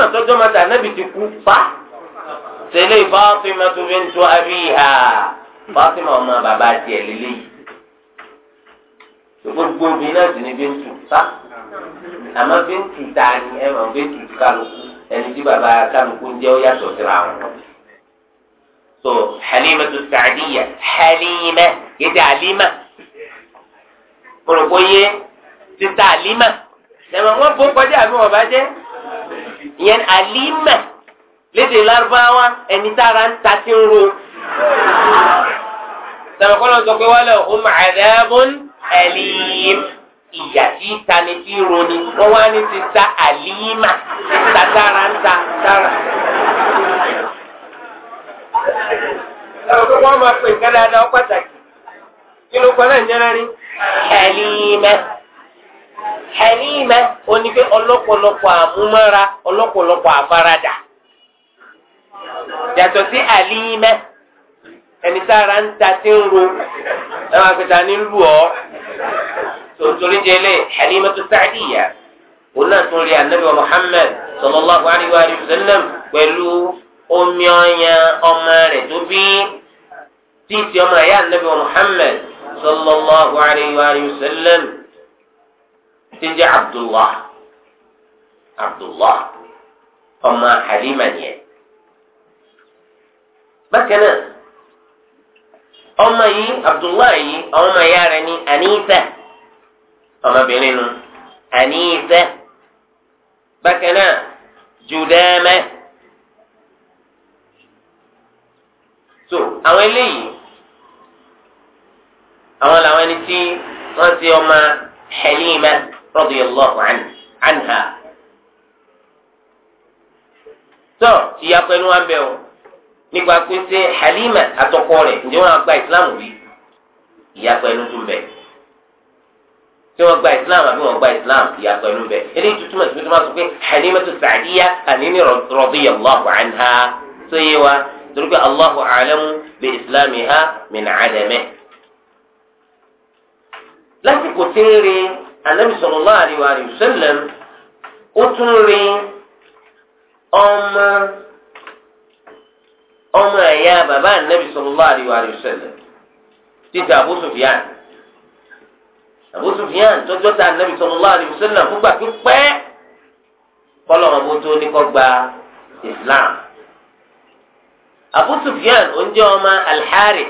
kú tó ọmọ bàbá gbogbo obìnrin náà sì àmọ́ bíntì ta ni ẹ mọ̀ bíntì kálukú ẹni tí bàbá kálukú ń jẹ́ ó yàtọ̀ síra wọn. so halima tó sàdíyà halima yéde alima kúròkó yé títa alima ẹ̀mọ̀ wọn bó kọjá àbí wọn bá jẹ́ ìyẹn halima lédè lárúbáwá ẹni tára ń ta ti ń ro sàmùkọ́lọ́ sọ pé wọ́n lọ hùm bọ́n ẹ̀lìm. ìyà tí ìtani tí roni wọ́n wá ní ti ta àlìyímà tatara ń ta tara. ẹ̀rọ wọn máa pè nǹkan dáadáa pàtàkì inú kan náà ń jẹ́ rárí. àlìyímà àlìyímà oní pé ọlọ́pọ̀lọpọ̀ àmúmọ́ra ọlọ́pọ̀lọpọ̀ àfaradà yàtọ̀ sí àlìyímà ẹni tára ń ta tí ń ro ẹ máa pè ta ní lù ọ́. سرتولي جيلي حليمة السعدية قلنا سرتولي النبي ومحمد صلى الله عليه وآله وسلم ولو أمي يا أمار دبي تيس يوم يا النبي ومحمد صلى الله عليه وآله وسلم تنجى عبد الله عبد الله أما حليما يعني بكنا أما يي عبد الله يي أما يارني أنيثة ọmọbìnrin nu àníyíṣẹ́ bákan náà jùdẹ́ẹ́mẹ́ so àwọn eléyìí àwọn làwọn ẹni tí wọ́n ti ọmọ Halima radiyallahu anha tó ìyàpọ̀ ẹnu wa bẹ̀ o nípa pé ṣé Halima àtọkọ rẹ̀ ǹjẹ́ wọ́n á ìsìlámù bí ìyàpọ̀ ẹnu tún bẹ̀. tí wọn gba islam àbí wọn gba islam ìyàtọ̀ inú bẹ eléyìí tuntun mọ̀ tuntun máa sọ pé tó Sa'diya Amini radiyallahu anha tó yé wa torí pé Allahu a'lamu bi islamiha min 'adamihi. lásìkò tí ń rin anabi sọ̀rọ̀ láàrin wa sẹ́lẹ̀m ó tún rin ọmọ ọmọ ẹ̀yà bàbá anabi sọ̀rọ̀ láàrin wa sẹ́lẹ̀m títí Abu fìyà. Abu Sufyan tọjọ ta anabi sallallahu alaihi wasallam fúgbà pípẹ́ kọlọmọ bó tó ní kọ gba islam Abu Sufyan oúnjẹ ọmọ alḥari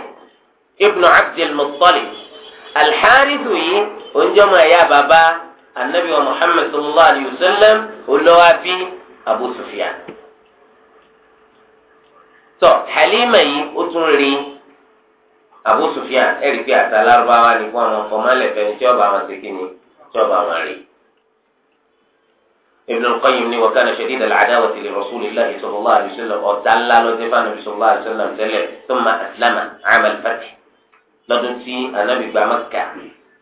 ibnu abdul muttalib alḥari tó yìí oúnjẹ ọmọ ẹ̀yà bàbá anabi wa muhammad sallallahu alaihi wasallam olówó bí Abu Sufyan tọ Halima yìí ó tún rí Abu Sufyan ẹ̀rí pé àti alárúbáwá ni kó àwọn fọmọ́lẹ̀ fẹ́ni tí ọba àwọn ṣèkí ni tí ọba àwọn rí. Ibn al-Qayyim ni wa kana shadid al-adawati li Rasulillah sallallahu alaihi wasallam ọ̀tá ńlá ló dé fáwọn sallallahu alaihi wasallam tẹ́lẹ̀ thumma aslama am al-fath lọ́dún tí anábì gba Mẹ́kà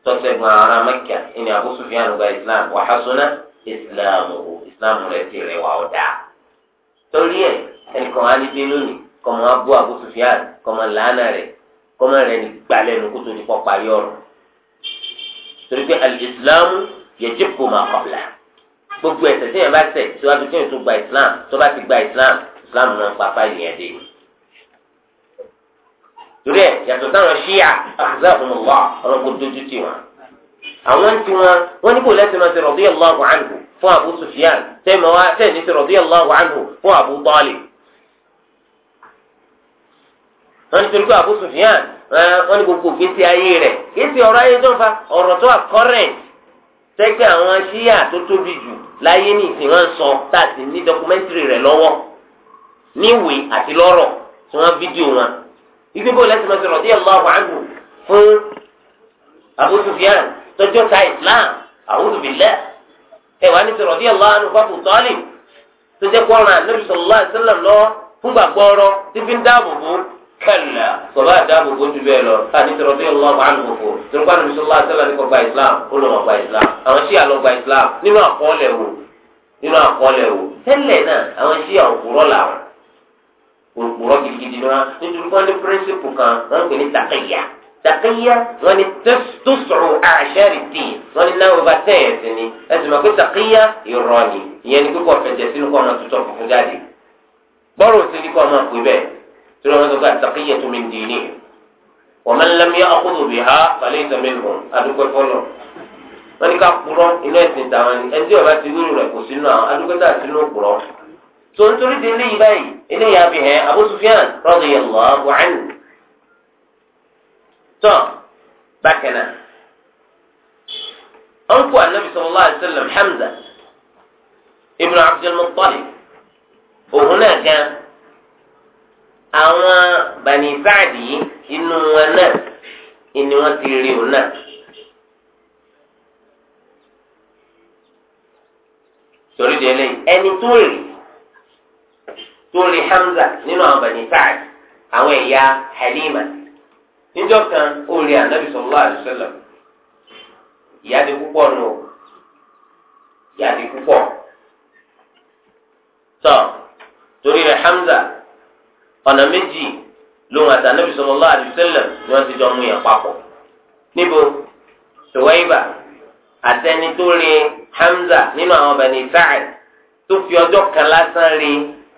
tọ́sẹ̀gun ara Mẹ́kà ẹni Abu Sufyan gba Islam wa hasuna Islamu Islamu rẹ̀ ti rẹwà ọ̀dà. torí ẹ̀ ẹnìkan á ní dé lónìí kọ́mọ abú Abu Sufyan kọ́mọ lana rẹ̀ kọ́mọ rẹ̀ ní gbalẹ́nu kó tó ti kọ́ parí ọ̀rọ̀ torí pé alìsílámù yẹjẹ kò máa kọ̀ọ̀lá gbogbo ẹ̀ṣẹ̀ tí yẹn bá ṣẹ̀ síwájú kí yẹn tó gba ìsìlám tó bá ti gba ìsìlám ìsìlám náà pa fáìlì yẹn dé torí ẹ yàtọ̀ sáwọn ṣíà àkùsàfùnmùwà ọlọ́kùn dójú tì wọn àwọn tí wọn wọn ní kò lẹ́sìn máa ti rọ̀bí ọlọ́ọ̀bù àǹdù fún àbú sùfìàn tẹ́ẹ̀mọ́ wa tẹ́ẹ̀ ní ti rọ̀bí ọlọ́ọ̀bù àǹdù fún àbú tọ́lì wọn nítorí pé Abu Sufyan wọn ní gbogbo gbèsè ayé rẹ̀ gbèsè ọ̀rọ̀ ayé tó ń fa ọ̀rọ̀ tó wà current tẹ́gbẹ́ àwọn ṣíyà tó tóbi jù láyé ní ìsìn wọn sọ láti ní dọkumẹ́ntìrì rẹ̀ lọ́wọ́ níwèé àti lọ́rọ̀ tí wọ́n fídíò wọn. ibi bó lẹ́sìn mọ́tò radiyallahu anhu fún Abu Sufyan tọjọ́ ta Islam a'udhu billah ẹ̀wà ní sọ̀rọ̀ radiyallahu anhu fáfù tọ́lì tó jẹ́ kọ́ran Nabi sallallahu alaihi wasallam lọ́wọ́ fún gbàgbọ́ ọ̀rọ̀ tí kẹ́nà sọlá àdáàbò bó ju bẹ́ẹ̀ lọ àti tọrọ bí ọlọ́run máa ń gbogbo tìrúkọ́ àti bisalòlá àtẹ́lá ní kò gba islam ó lọ́wọ́ gba islam àwọn ṣíà lọ gba islam nínú àkọọ́lẹ̀ wo nínú àkọọ́lẹ̀ wo tẹ́lẹ̀ náà àwọn ṣíà òkúrọ̀ làwọn òkúrọ̀ gidigidi ni wọn nítorí wọn ní píríncípù kan wọn pè ní takẹ́yà takẹ́yà wọn ni tó sọ̀rọ̀ àṣẹ́rì tì wọn ni náà ọba tẹ̀ ẹ̀sìn ni ẹ̀sìn mọ̀ pé takẹ́yà ìrọ̀ ìyẹn ni kíkọ́ fẹ̀jẹ̀ sínú kọ́ ثم ذكر التقية من دينه ومن لم يأخذ بها فليس منهم أدوك فلو من يكاب قرون إنه يسن تاماني أنت تقول لك سنة أدوك تأسنو قرون سنت رد لي باي إنه يابيه أبو سفيان رضي الله عنه ثم بكنا أنكو النبي صلى الله عليه وسلم حمزة ابن عبد المطلب وهناك àwọn bani saadi inú wọn náà ni wọn ti rí òun náà. torí ẹni tó rí hamza nínú àwọn bani saadi àwọn ẹ̀yà halima níjọ́ kan ó rí anabi sallallahu alaihi ìyáde púpọ̀ nù ìyáde púpọ̀ tọ́ hamza. ọ̀nà méjì lóhun àti anabi sallallahu alaihi wasallam ni wọ́n ti jọ mú yẹn papọ̀ níbo Suwayba àtẹni tó rí Hamza nínú àwọn Bani Sa'id tó fi ọjọ́ kan lásán rí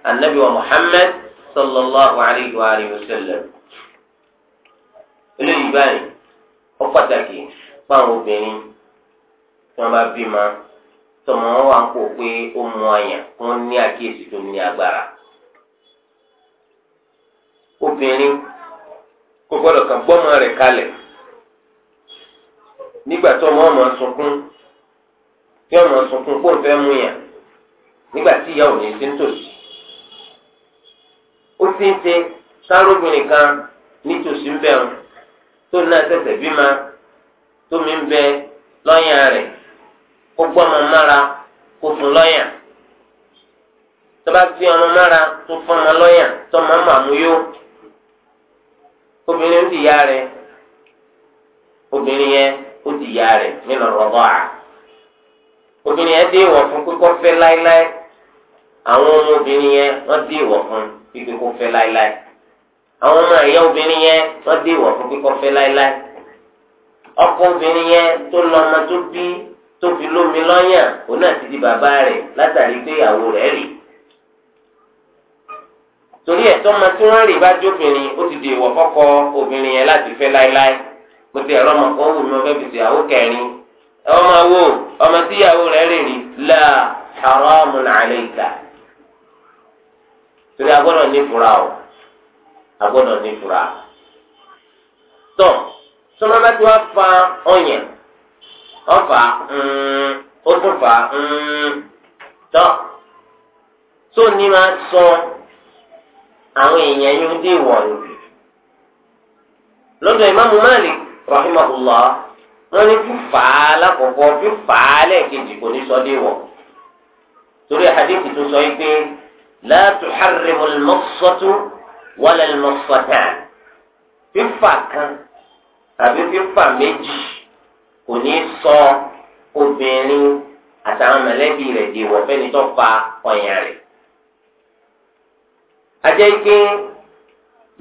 anabi wa Muhammad sallallahu alaihi wa alihi wasallam eléyìí báyìí ó pàtàkì fáwọn obìnrin tí wọ́n bá bímọ tọmọ wọn wà ń pò pé ó mú ọyàn fún ní àkíyèsí tó ní agbára. obìnrin kò gbọ́dọ̀ kàn gbọ́mọ rẹ̀ kalẹ̀ nígbà ọmọ ọmọ sunkún tí ọmọ sunkún kó n fẹ́ mú yàn nígbà tí ìyá òní ti ń tòsí ó ti ń ṣe sárógbìnrin kan nítòsí ń bẹ̀rù tó ní àtẹ̀tẹ̀ bímọ tómi ń bẹ lọ́yàn rẹ̀ kó gbọ́mọ mára kó fún tọ́ba tó fún obìnrin ó ti yá rẹ obìnrin yẹn ó ti yá rẹ nínú rọgbọ à obìnrin yẹn dé ìwọ fún kíkọ fẹ́ láéláé àwọn ọmọ obìnrin yẹn wọ́n dé ìwọ fún kíkọ fẹ́ láéláé àwọn ọmọ ẹ̀yà obìnrin yẹn wọ́n dé ìwọ fún kíkọ fẹ́ láéláé ọkọ obìnrin yẹn tó lọ ọmọ tó bí tó fi lómi lọ́yàn òun náà ti di bàbá rẹ̀ látàrí pé ìyàwó rẹ̀ rí torí ẹ̀ tọ́mọ tí wọ́n rè bá jó obìnrin ó ti di ìwọ̀ fọ́kọ obìnrin yẹn láti fẹ́ láéláé mo ti ẹ̀rọ ọmọ kan wù mí ọfẹ́ fi ṣèyàwó kẹrin ọmọ wo ọmọ tí ìyàwó rẹ̀ rìn rí la haramun alayka torí agbọ́dọ̀ ní fura o agbọ́dọ̀ ní fura tọ́ sọmọ bá ti wá fa ọyàn ọfà mm-hmm. ó tún fà mm-hmm. tọ́ tó ní máa sọ. So, àwọn èèyàn yóò dé ìwọ̀ ni. lọ́dọ̀ ìmáàmù Malik rahimahullah wọ́n ní fífà á lákọ̀ọ́kọ́ fífà á lẹ́ẹ̀kejì kò ní sọ dé ìwọ̀. torí hadith tó sọ yìí pé la tuharrimu al-massatu wala fífà kan tàbí fífà méjì kò ní sọ obìnrin àtàwọn mẹlẹ́bí rẹ̀ di ìwọ̀ tó fa ọyàn rẹ̀. ajẹ́ ike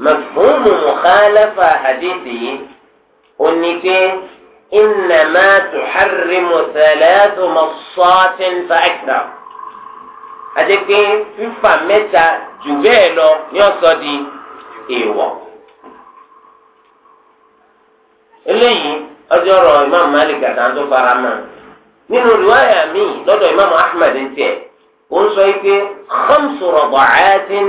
mafhumu mukhalafa hadithi yìí ó ní pé innama tuharrimu thalathu masatin fa akthar ajẹ́ pé fífà mẹ́ta jù bẹ́ẹ̀ lọ ní ọ̀sọ́ di èèwọ̀. eléyìí ọjọ́ rọ imam malik àtàwọn tó fara mọ́ nínú riwaya mi lọ́dọ̀ imam ahmed ń tiẹ̀ ó ń sọ yìí pé khamsu rọ̀bọ̀ ààtin.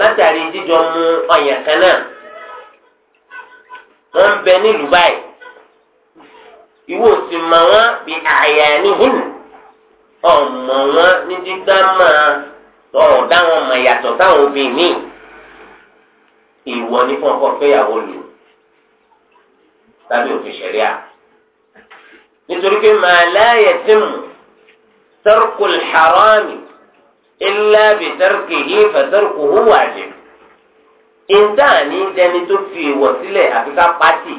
látàrí jíjọ mu ọ̀yàn kan náà wọ́n ń bẹ nílùú báyìí ìwọ sì mọ̀ wọ́n bí àyà níhìn ọ̀mọ̀ wọ́n ní dídá máa ọ̀dá wọn mọ̀ yàtọ̀ táwọn obìnrin míì ìwọ ní fún ọkọ lò tàbí òfin ṣẹ̀ríà nítorí pé màá láàyè tí mu tẹ́rùkù lḥàrámì ilá bìtẹ́rùkì yìí fẹ̀tẹ́rùkù hù wájib. ìta ní dẹni tó fi ìwọ̀ sílẹ̀ àfi ká pàtì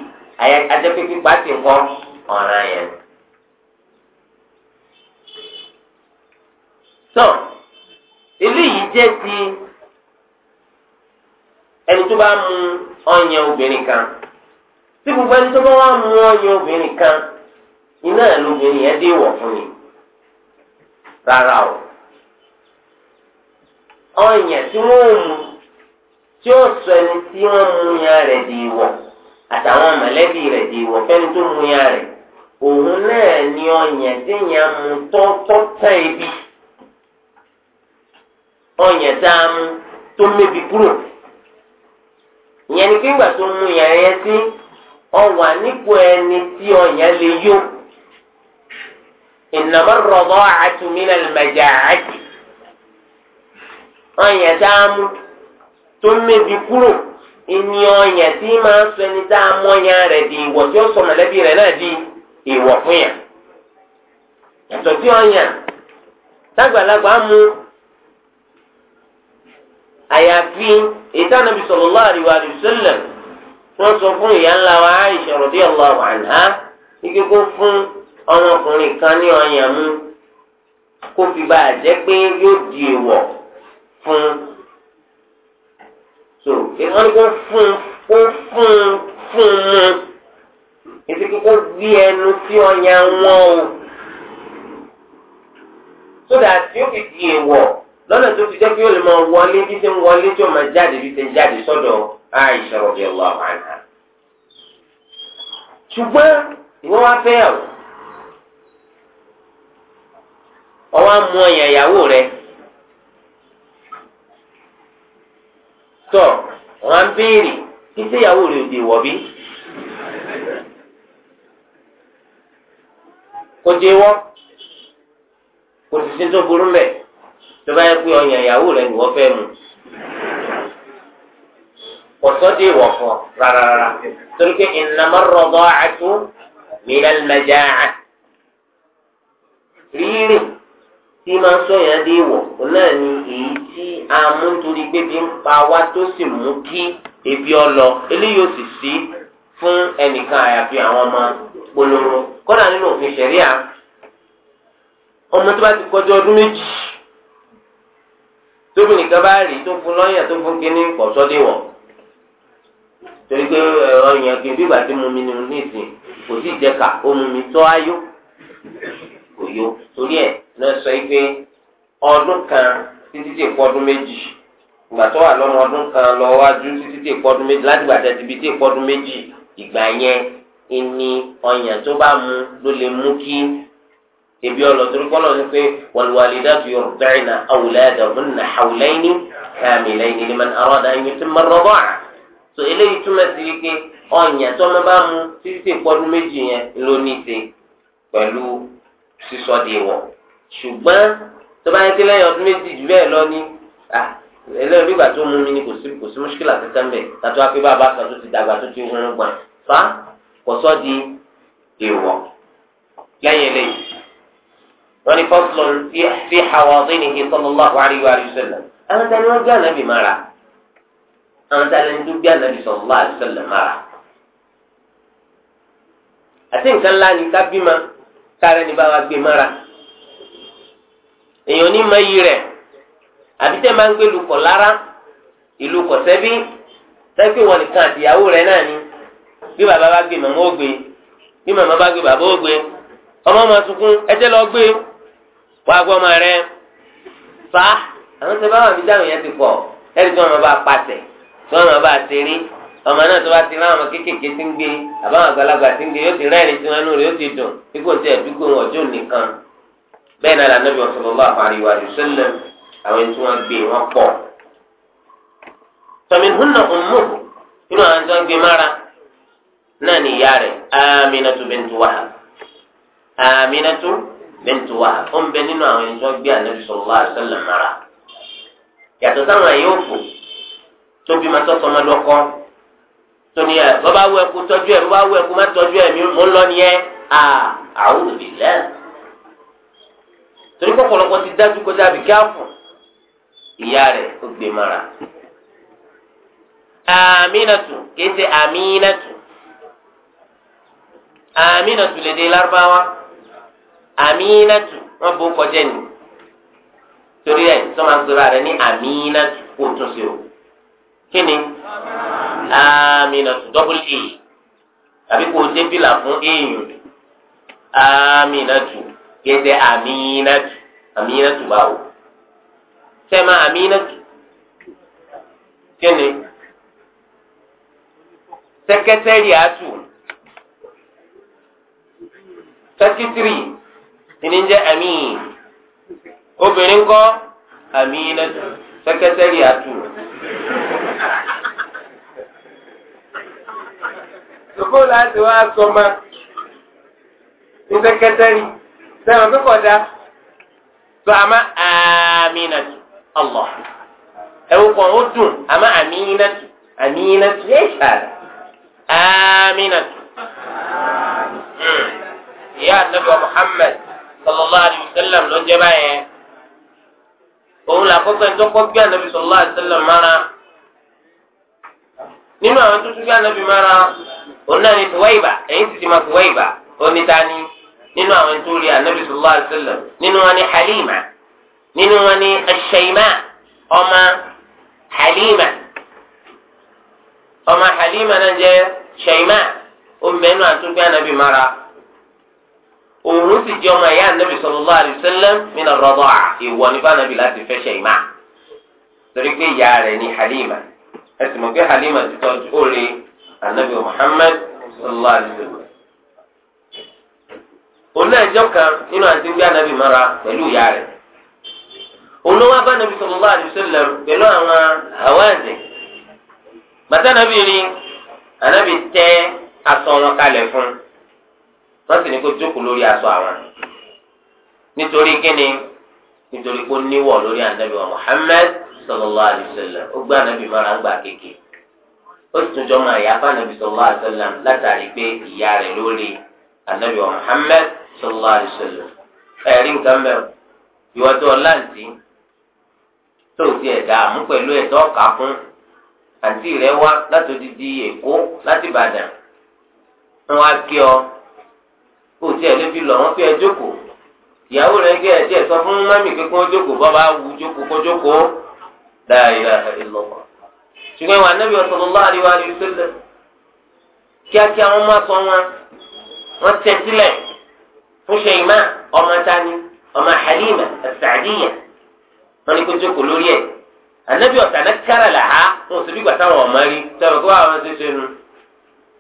ajẹ́pẹ́pẹ́ pàtì nǹkan ọ̀ràn yẹn. tán eléyìí jẹ́ ti ẹni tó bá mu ọyàn obìnrin kan tí gbogbo ẹni tó bá wà mu ọyàn obìnrin kan iná ẹ̀ lóbìnrin yẹn dé wọ̀ fún ni rárá o ọyàn tí wọn ò mú tí ó sọ ẹni tí wọn mú yan rẹ̀ di ìwọ àtàwọn mọ̀lẹ́bí rẹ̀ di ìwọ fẹ́ni tó mú yan rẹ̀ òun náà ni ọyàn tí yàn mú tọ́tọ́ tán ibi ọyàn tá a mú tó mébi kúrò ìyẹn ni kígbà tó mú yan yẹn sí ọwà nípò ẹni tí ọyàn lè yó ìnàmọ́ rọ̀bọ́ àtúmínà lè mẹ̀jà àti. ọyàn tá a mú tó ń mébi kúrò ìní ọyàn tí máa sọ ẹni tá a mú ọyàn di ìwọ̀ tí ó sọ mọ̀lẹ́bí rẹ̀ náà di ìwọ̀ fún yàn. sí ọyàn tágbàlagbà mú àyàfi ìta Ànábì sallallahu wa sallam sọ fún ìyá ńlá wa Aisha radiyallahu anha ike kó fún ọmọkùnrin kan ní ọyàn mú kó fi bá a jẹ́ pé yóò di fún so ìwọ́n kò fún kò fún fún mu ètò ẹnu tí o tí ó fi di èèwọ̀ lọ́nà tó fi jẹ́ kí ó lè máa wọlé bí ṣe ń wọlé tí ó máa jáde bí ṣe ń jáde sọ́dọ̀ ṣùgbọ́n ìwọ́n wá fẹ́ mú ọyàn tọ wọn á béèrè kí séyàwó rẹ ò dé wọ bí kò dé wọ kò sì sí tó burú mbẹ tó bá yẹ pé ọyàn ìyàwó rẹ ni wọn fẹ́ mu kòtò di wọ̀ fún rárára torí pé ìnàmọ́ rọ̀bọ̀ àtún mìíràn mẹjá rírì tí máa ń sọyàn dé ìwọ̀ òun náà ni èyí tí a mú nítorí pé bí ń pa wá tó sì mú kí ebi ọlọ eléyìí ò sì sí fún ẹnìkan àyàfi àwọn ọmọ polówó kọ́nà nínú òfin ṣẹ̀ríà ọmọ tó bá ti kọjá ọdún méjì tóbi nìkan bá rí tó fún lọ́yà tó fún kínní pọ̀ sọ́dé wọ̀ torí pé ọyàn kì í bí ìgbà tí mo mi ni mo ní ìsìn kò sí ìjẹka ó mi tọ́ ayó kò yó torí ẹ̀ náà sọ yìí pé ọdún kan títí tí èkó ọdún méjì ìgbà tó wà lọ́nà ọdún kan lọ wájú títí tí èkó ọdún méjì láti gbà tẹ̀sí ibi tí èkó ọdún méjì ìgbà yẹn ìní ọyàn tó bá mu ló lè mú kí ebi ọlọtọrọ kọlọ ni pé walwalidatu yurdi'na awladahunna hawlayni kamilayni liman arada an yutimma ar-rida'a so eléyìí túmọ̀ sí wípé ọyàn tó ọmọ bá mu títí tí èkó ọdún méjì yẹn ló ní í pẹ̀lú sísọ di ìwọ̀ ṣùgbọ́n tó bá yẹ kí lẹ́yìn ọdún méjì jù bẹ́ẹ̀ lọ ní ẹlẹ́rìí nígbà tó mú mi ni kò sí kò sí mọ́ṣíkìlà kankan bẹ̀ tàtó wá pé bàbá kan tó ti dàgbà tó ti hun gbọ̀n fa kò sọ di ìwọ̀ lẹ́yìn eléyìí wọ́n ní fọ́sùlùm fi hàwọ́dún ní sallallahu alaihi wa sallam àwọn tani wọ́n gbé ànábì mara àwọn tani tó gbé ànábì sallallahu alaihi wa sallam mara àti nǹkan ńlá ni ká kárẹ́ ní bá wa gbé mára èèyàn ní mọ iyì rẹ̀ àbí máa ń gbé lára wọn nìkan àtìyàwó náà ni bí bàbá bá gbé màmá bí màmá bá gbé bàbá ọmọ ọmọ ẹjẹ lọ gbé wàá ọmọ fa àwọn tẹ bá wà dáhùn yẹn ti ọmọ náà tó bá ti rán àwọn kéékèèké tí ń gbé àbáwọn àgbàlagbà tí ń gbé yóò ti rẹ́rìn tí wọn nù rẹ̀ yóò ti dùn kíkó ti ẹ̀dúgbò wọn ọjọ́ nìkan bẹ́ẹ̀ náà lànà bí wọn sọ̀rọ̀ bá àfàríwá rẹ̀ sẹ́lẹ̀ àwọn tí wọ́n gbé wọn pọ̀. tọ́mi húnà ọ̀mú inú àwọn tí wọ́n gbé mára náà ní ìyá rẹ̀ ó ń bẹ nínú àwọn tí gbé tóní ẹ bọ́ bá wọ ẹkú tọ́jú ẹ bọ́ bá wọ ẹkú má tọ́jú ẹ mò ń lọ nìyẹn à a'udhu billah torí pọ̀pọ̀lọpọ̀ ti dájú kọjá bí káfù ìyá rẹ̀ ó gbé mara aminatu kìí ṣe aminatu aminatu lè dé lárúbáwá aminatu wọn bó kọjá ni torí ẹ sọ ma ń pera rẹ ní aminatu kó tún sí o kí ni aminatu double e tàbí kó o dé bílà fún èèyàn aminatu kéde aminatu aminatu báwo sẹ́mà aminatu kíni sẹ́kẹ́tẹ́rì àtù sẹ́kítírì ìní jẹ́ amin obìnrin kọ́ aminatu sẹ́kẹ́tẹ́rì àtù. Ṣòfò láti wá sọmọ ní sẹ́kẹ́tẹ́rì sẹ́wọ̀n tó kọjá tó a má àmìnà tù ọ̀lọ́. Ẹ̀wù kan ó dùn a má àmìnà tù àmìnà tù yẹ́ ìṣàlẹ̀ àmìnà tù. Hmm. Ìyá àtàbí wa Mùhàmmad sallallahu alayhi wa sallam ló jẹ́ báyẹn. Òun làkọ́kọ́ ẹni tó bí ànábi sallallahu alayhi wa Nínú àwọn tó bí ànábi mára. ona ní tuwaiba ẹ̀yin ti ti ma tuwaiba Suwaiba onídàáni nínú àwọn ẹni tó rí anabi sallallahu alaihi wa sallam nínú wani Halima nínú wọn ní Ashaima ọmọ Halima ọmọ Halima náà jẹ́ Shaima omenu àtúntò anabi mara òun sì jẹ́ ọmọ ẹ̀yà anabi sallallahu alaihi wa wasallam min ar-rada'a ìwọ nípa anabi láti fẹ́ Shaima torí pé ìyá rẹ̀ ní Halima ẹ̀sìn mọ̀ pé Halima ti tọ́jú ó rí i. anabi muhammed sallallahu Alaihi Wasallam. sallam. òun náà jọ kan nínú àti gbé anabi mara pẹ̀lú ìyá rẹ̀ òun ló wá bá anabi sallallahu alayhi pẹ̀lú àwọn bàtà anabi rí anabi tẹ aṣọ wọn kalẹ̀ fún wọn sì ní kó jókòó lórí aṣọ àwọn nítorí kíni nítorí kó lórí wa muhammed sallallahu ó gbé anabi ó tún jọ máa yá fún anabi sallallahu alayhi wa sallam látàrí pé ìyá rẹ̀ lórí anabi wa muhammed sallallahu alayhi wa sallam ẹ̀rí nǹkan bẹ́ẹ̀ ìwọ tó ọ láǹtí tó ti ẹ̀dá àmú pẹ̀lú ẹ̀tọ́ ọ̀kà fún àǹtí rẹ̀ wá láti odidi èkó láti ìbàdàn wọn á kí ọ kó tiẹ̀ lébi lọ wọn fi ẹ jókòó ìyàwó rẹ̀ gé ẹ̀jẹ̀ sọ fún mami pé jókòó bọ́ wù jókòó kó jókòó dáa ìlà ìlọ́kọ̀ọ́ ṣùgbọ́n ìwà anábì sallallahu alaihi wa sallam kíákíá wọn má sọ wọn wọn tẹ sílẹ̀ fún Ṣèyímà ọmọ tani ọmọ Halima as-Sa'diyya wọn ni kó jókòó lórí ẹ̀ anabi ọ̀sán náà kára là á wọn sì bí gbàtà wọn ọmọ rí sọ̀rọ̀ kó àwọn ṣe ṣe nu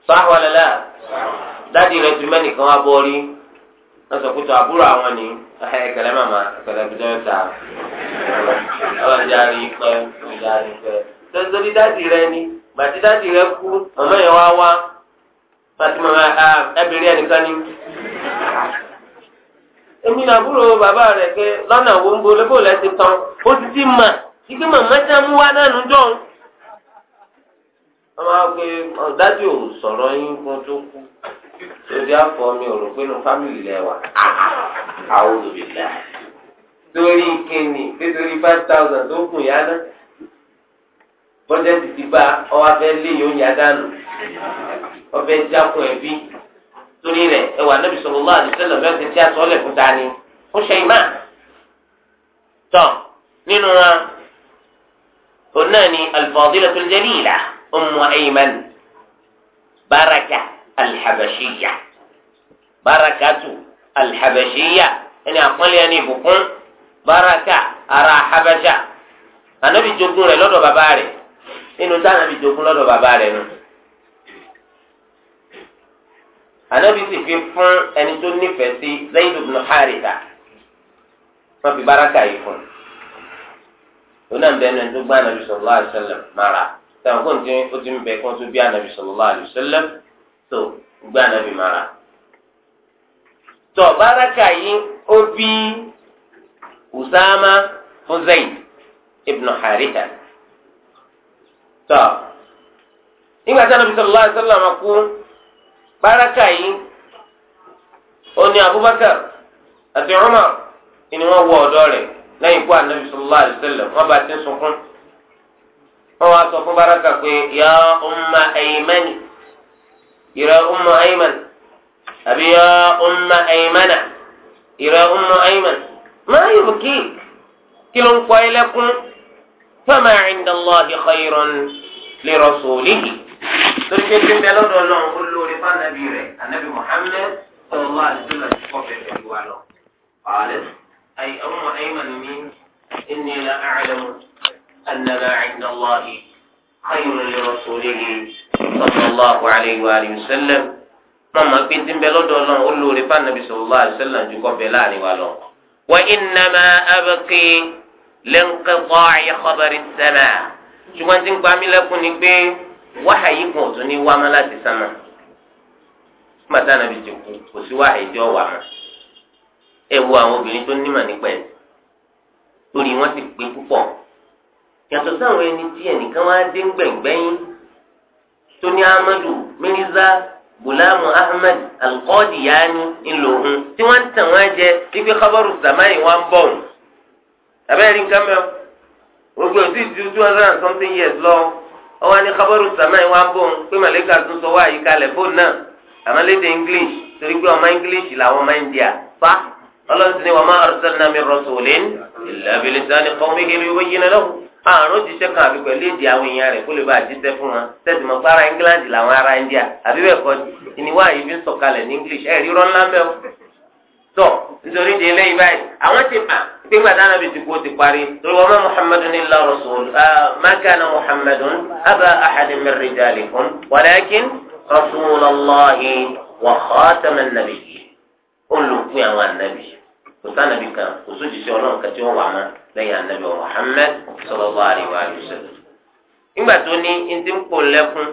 sáwọn lọ́la dáàdi rẹ̀ mẹ́nìkan wá bọ́ wọn sọ pé àbúrò àwọn ni ẹ̀kẹ́lẹ́ màmá ẹ̀kẹ́lẹ́ bí wọ́n ta tọ́jú dáàdì rẹ ni gbàtí dáàdì rẹ kú màmá yẹn wá wá gbàtí màmá ẹbìrin ẹnìkan ni. èmi náà búrò bàbá rẹ̀ pé lọ́nà wo ń bolé bò lẹ́sìn tán ó ti ti mà ike màmá já mú wá náà nùjọ́ ń. wọ́n máa pe dájú ò sọ̀rọ̀ yín fún tó kú lórí àfọ mi ò rò pé nu fámìlì rẹ wà àwọn olùdílà torí kíni pé torí five thousand tó kù yá náà bọ́dẹ́tì ti bá ọwọ́ abẹ́ léyìn oúnjẹ àdánù ọbẹ̀ jákun ẹ̀bí torí rẹ̀ ẹwà nàbì sallallahu alaihi wasallam mẹ́sẹ̀ tí a sọ lẹ̀ fún dání ó ṣe ìmá tọ̀ nínú wọn òun náà ni al-fadilatul jalila Ummu Ayman Baraka al-Habashiyya Barakatu al-Habashiyya ẹni àpọ́nlé ẹni ìbùkún Baraka ara Habasha ànábì rẹ̀ lọ́dọ̀ bàbá rẹ̀ nínú táwọn àbí jogún lọ́dọ̀ bàbá rẹ̀ nù. ànábi sì fi fún ẹni tó nífẹ̀ẹ́ sí Zayd ibn Haritha wọ́n fi báraka yìí fún un. onáà ń bẹ ẹnu ẹni tó gbá ànábi sallallahu alaihi wasallam mara táwọn kò tí ó ti ń bẹ kó tó bí ànábi sallallahu alaihi wasallam tó gbá ànábi mara. tọ́ báraka yìí ó bí Usama fún Zayd ibn Haritha tọ́ nígbà tí anabi sọlá sọlá máa kú báraka yìí ó ní abubakar àti umar ni wọ́n wọ ọ̀dọ́ rẹ̀ lẹ́yìn ikú anabi sọlá sọlá wọ́n bá ti ń sunkún wọ́n wá sọ fún baraka pé ya umma aymani ìrẹ umma aymani àbí ya umma aymana ìrẹ umma aymani máa yóò kí kí ló ń kọ́ ẹ lẹ́kún. fama inda Allahi khayran li rasulihi torí pé tí bẹ́ẹ̀ lọ́dọ̀ náà ó lórí fanabi rẹ̀ anabi Muhammad sallallahu alaihi wasallam ti kọ́ fẹ́ fẹ́ wà lọ. qalat ay ummu ayman mi inni la a'lamu anna ma inda Allahi khayran li rasulihi sallallahu alaihi wa alihi wasallam wọn máa pín tí ń bẹ lọ́dọ̀ náà ó lórí fanabi sallallahu alaihi wasallam ju kọ́ bẹ́ẹ̀ láàrin wa lọ. wa innama abqi. lẹ́ńkẹ́kọ́ ayẹ́kọ́bẹ̀rẹ̀ sẹ́mà ṣùgbọ́n tí ń pa mí lẹ́kùn ni pé wáhàyí kan ò tún ní wá mọ́ láti sánmà mọ́tà náà fi jòkó kò sí wáhàyí tí ó wà mọ́ ẹ wo àwọn obìnrin tó nímọ̀ nípa ẹ̀ lórí wọn ti pé púpọ̀ yàtọ̀ sáwọn ẹni tí ẹnìkan wá dé gbẹ̀ngbẹ́yìn tó ní amadu mínísà gulaamu ahmed alqadiyani ńlọrun tí wọ́n ń tàn wọ́n ibi kábọ́rù abẹ́rẹ́ nǹkan mẹ́wọ́ gbogbo ẹ̀ sì ju two hundred and something years lọ ọwọ́ ni kábọ́rù sàmáì wá ń bọ̀ pé màlẹ́kà tún sọ wá àyíká lẹ̀ fóònù náà àmọ́ léde english torí pé ọmọ english làwọn ọmọ india fa ọlọ́run ti ní wàá má arsalna min rasulin illa bi lisani qawmihi liyubayyina lahu àrùn òjíṣẹ́ kan àbí pẹ̀lú èdè àwọn èèyàn rẹ̀ kó lè bá àjíṣẹ́ fún wọn tẹ̀sí mọ́ pé ara england làwọn ará india àbí bẹ́ẹ̀ kọ́ ìníwá yìí fi ń sọ̀kalẹ̀ ní english ẹ̀rí rọ́ńlá mẹ́wọ́ tó nítorí di eléyìí báyìí àwọn ti mà pé gbàdá nàbì ti kú ó ti parí torí wọn bá muhammadun illa rasul ah, ma kana muhammadun aba ahadin min rijalikum walakin rasulallahi wa khataman nabiyyin olùkún àwọn ànábì kò sànàbì kan kò sójúṣe ọlọ́run kan tí wọ́n wà mọ́ lẹ́yìn ànábì muhammed sallallahu alaihi wa nígbà tó ní ní ń pò lẹ́kún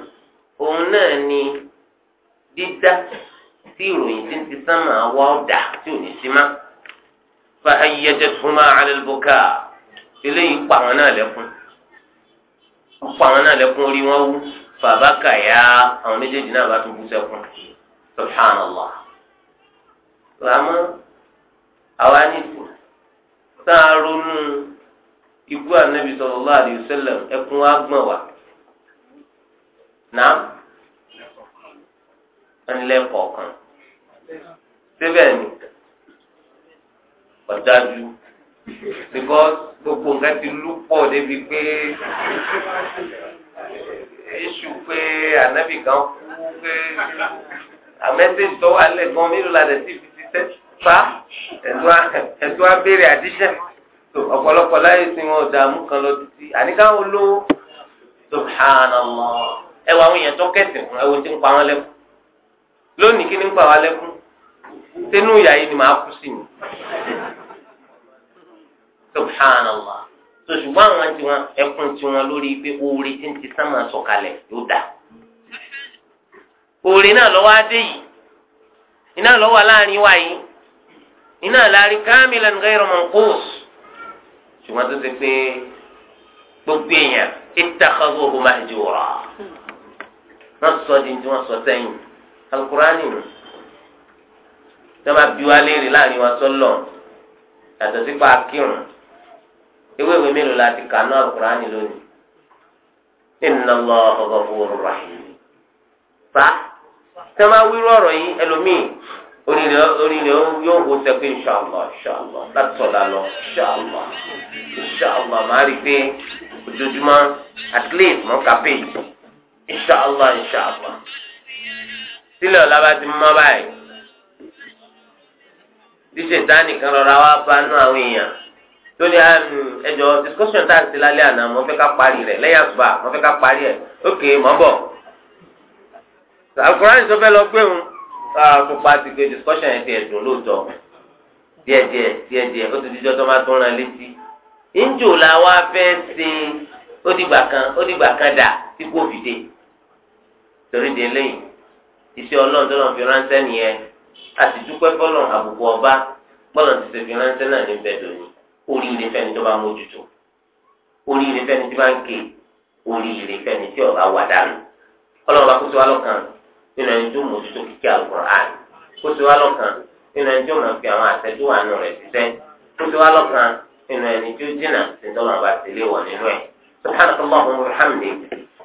òun náà ni dídá tí ìròyìn tí ń ti sánmà wá ọ̀dà tí ò ní sí má. fàáyẹjẹ túmọ̀ alẹ́lẹ́bọ̀ká eléyìí pa àwọn náà lẹ́kún pa àwọn náà lẹ́kún orí wọn wú bàbá kàyà àwọn méjèèjì náà bá tún bú sẹ́kún subhanallah. làmọ́ àwa ní ìsìn tá a ronú ikú ànábì sallallahu alaihi ẹkún wa gbọ̀n wá. nàá ẹnilẹ́kọ̀ọ̀kan síbẹ̀ ni ọ̀dájú because gbogbo nǹkan ti lú pọ̀ débi pé iṣu pé ànábì kan kú pé àmẹ́sẹ̀jì tó wà lẹ́gbọ́n mi lọ́la dẹ̀ sí fi ti fa ẹ̀dùn abéèrè àdíṣẹ́ ọ̀pọ̀lọpọ̀ láyé tí wọn ò dààmú kan lọ títí àníkàwọn olówó subhanallah ẹwà àwọn èèyàn tó kẹsìn fún ẹwọ tí ń pa wọn lẹ́kọ̀ọ́ lónìí kí ni ń pa wá lẹ́kún sínú ìyá yìí ni màá kú sí mi subhanallah tó ṣùgbọ́n àwọn tiwọn ẹkún tiwọn lórí pé oore tí ń ti sánmà sọ̀kalẹ̀ yóò dà oore náà lọ́wọ́ adé yìí iná lọ́wọ́ láàrin wa yìí iná láàrin kamilan ghayra manqus ṣùgbọ́n tó ṣe pé gbogbo èèyàn ittakhadhuhu mahjura wọ́n sọ di tí wọ́n sọ sẹ́yìn alukurani nù sábà bí wa léèrè láàrin wa sọlọ yàtọ̀ sí pa akírun ewé ìwé mélòó la ti kànú alukurani lónìí inna Allahu ghafurur rahim fa sábà wíwọ ọ̀rọ̀ yìí ẹlòmíì oríire oríire yóò hó sẹ́kù inshallah inshallah láti sọ̀dà lọ inshallah inshallah màá rí i pé ojoojúmọ́ at least mọ́ kàpéjì inshallah inshallah sílẹ̀ ọ̀la bá ti mọ́ báyìí bí ṣètánì kan rọra wá bá nú àwọn èèyàn tó ní ah, mm, ẹjọ́ discussion tá à ń ti lálẹ́ àná mo fẹ́ ká parí rẹ̀ lẹ́yìn àsùbà mo fẹ́ ká parí ẹ̀ ókè mọ́ bọ̀ alukurani tó fẹ́ lọ gbé wọn kó pa ti gbé discussion yẹn fi ẹ̀dùn lóòótọ́ díẹ̀díẹ̀ díẹ̀díẹ̀ ó ti di jọ́tọ́ máa tún ran létí ńjò la wá fẹ́ ṣe ó dìgbà kan ó dìgbà kan dà tí kò fìdé torí de lẹ́yìn iṣẹ́ ọlọ́run tó lọ́n fi ránṣẹ́ nìyẹn àti dúpẹ́ fọlọ́n àbùkù ọba gbọ́dọ̀ ti ṣe fi ránṣẹ́ náà ní bẹ́ẹ̀ lónìí oríire fẹ́ni tó bá mójútó oríire fẹ́ni tí bá ń ké oríire fẹ́ni tí ọba wà dànù ọlọ́run bá kó sí wa lọ́kàn nínú ẹni tó mójútó kíkẹ́ Al-Qur'an kó sí wa lọ́kàn nínú ẹni tó máa fi àwọn àtẹ́jú wà nù rẹ̀ ṣiṣẹ́ kó sí wa lọ́kàn nínú ẹni tó jìnnà sí tọ́lọ́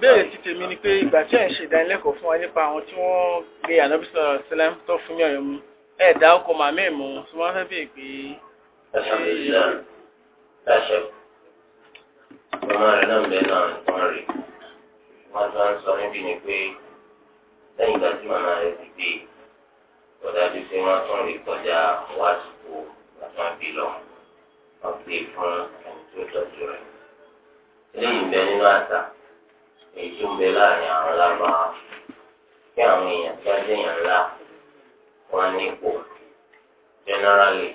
ìbéèrè ti tèmi ni pé ìgbà tí ẹ̀ ń ṣe ìdánilẹ́kọ̀ọ́ fún wa nípa àwọn tí wọ́n gbé ànábì sọ̀rọ̀ sílẹ̀ tó fún yàn yẹn mú ẹ̀ dá ọkọ̀ màmí ẹ̀ mú tí wọ́n fẹ́ bèè pé. alhamdulilayi láṣẹ ọmọ rẹ náà bẹ náà nǹkan rè wọn tó ń sọ níbi ni pé lẹ́yìn ìgbà tí màmá rẹ ti gbé ọ̀dájú pé wọ́n tún lè kọjá wàásù àtúnwá bí lọ wọ́n gbé fún ẹni tó tọ́jú rẹ̀ eléyìí bẹ nínú àṣà èyí ń bẹ láàrin àwọn lábàá kí àwọn èèyàn tí a jẹ́ èèyàn ńlá wọn nípò generally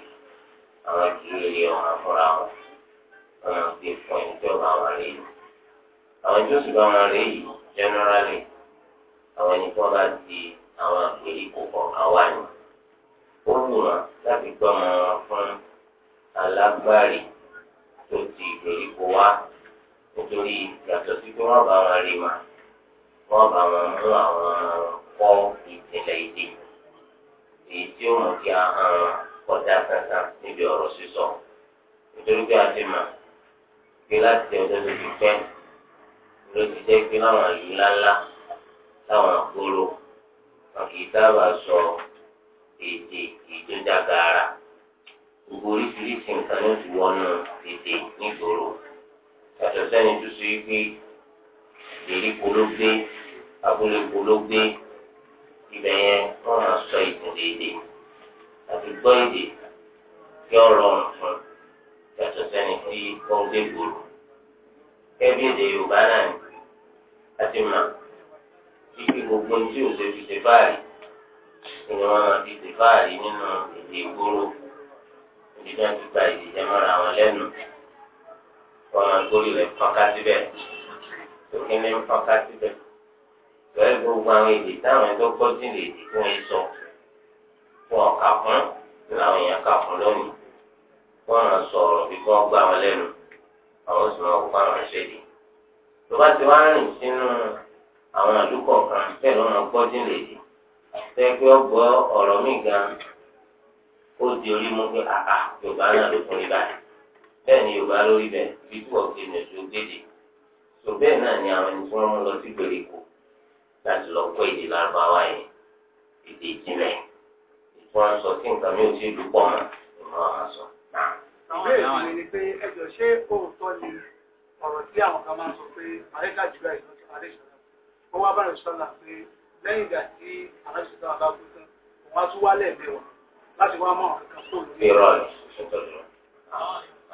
àwọn kì í rí ọmọ fúnra wọn wọn máa gbé fún ẹni tí ó wọn rí yìí àwọn tí wọn rí yìí generally àwọn ẹni tí wọn bá di àwọn àgbèríko kọ̀ọ̀kan wá ní ó wù wọn láti gbọ́ ọmọ wọn fún alágbárí tó ti ìgbèríko wá nítorí yàtọ̀ sí pé wọ́n bá wọn rí ma wọ́n bá wọn mú àwọn kọ́ ìpìlẹ̀ èdè èyí tí ó mú kí ahọ́n wọn kọjá kankan níbi ọ̀rọ̀ sísọ nítorí pé a ti mà pé láti ọjọ́ tó ti pẹ́ ló ti jẹ́ pé láwọn ìlú ńláńlá láwọn àgbòrò wọn kì sọ èdè ìjọjàgàrà gbogbo oríṣiríṣi nǹkan ló ti wọnú èdè nígboro yàtọ̀ sẹ́ni tó ṣe é gbé ìgbèríko ló gbé abúléko ló gbé ibẹ̀ yẹn wọ́n máa sọ ìtàn déédéé àti gbọ́ èdè kí ọ rọrùn fún yàtọ̀ sẹ́ni tí wọ́n gbé gbòòrò kẹ́bí èdè Yorùbá náà ni àti mà kíkí gbogbo ní tí òṣèlú fi ṣe báyìí ìyẹn wọn máa fi ṣe báyìí nínú èdè ìgboro ìdíjà ti gba ìdíjà mọ́ra wọn lẹ́nu wọn máa gbórí rẹ̀ fọ́nká síbẹ̀ tòkí ní fọ́nká síbẹ̀ lọ́yẹ̀ gbogbo àwọn èdè táwọn ẹ̀dọ́ gbọ́dún lè dì kí wọ́n sọ fún ọkà fún làwọn èèyàn kà fún lónìí wọ́n máa sọ̀rọ̀ bí wọ́n gbá wọn lẹ́nu àwọn sì máa gbá wọn ṣẹ́dí tó bá ti wá rìn sínú àwọn àdúgbò kan bẹ́ẹ̀ lọ́nà gbọ́dún lè dì tẹ́gbẹ́ ọgbọ́ ọ̀rọ̀ mi gan ó di orí mú pé àà yorùbá náà ló fún mi báyìí bẹ́ẹ̀ ni yorùbá lórí bẹ́ẹ̀ bí tí wọ́n gbé ní ojú gbèdè tó bẹ́ẹ̀ náà ni àwọn ẹni tí wọ́n mú lọ sí gbèríko láti lọ kọ́ èdè lárúbáwá yẹn èdè ìjìnlẹ̀ tí wọ́n sọ sí nǹkan mi ò tí ì dúpọ̀ mọ́ ìmọ̀ àwọn sọ. àwọn èèyàn mi ni pé ẹjọ́ ṣé òótọ́ ni ọ̀rọ̀ tí àwọn kan máa ń sọ pé àríkà jùlọ ìlú àdé ìṣọ̀lá ó wá bára ìṣọ̀lá pé lẹ́yìn ìgbà tí aláṣẹ̀tọ́ àbá kú tán òun á tún wálẹ̀ mẹ́wàá láti wá mọ́ àwọn kan kúrò lórí.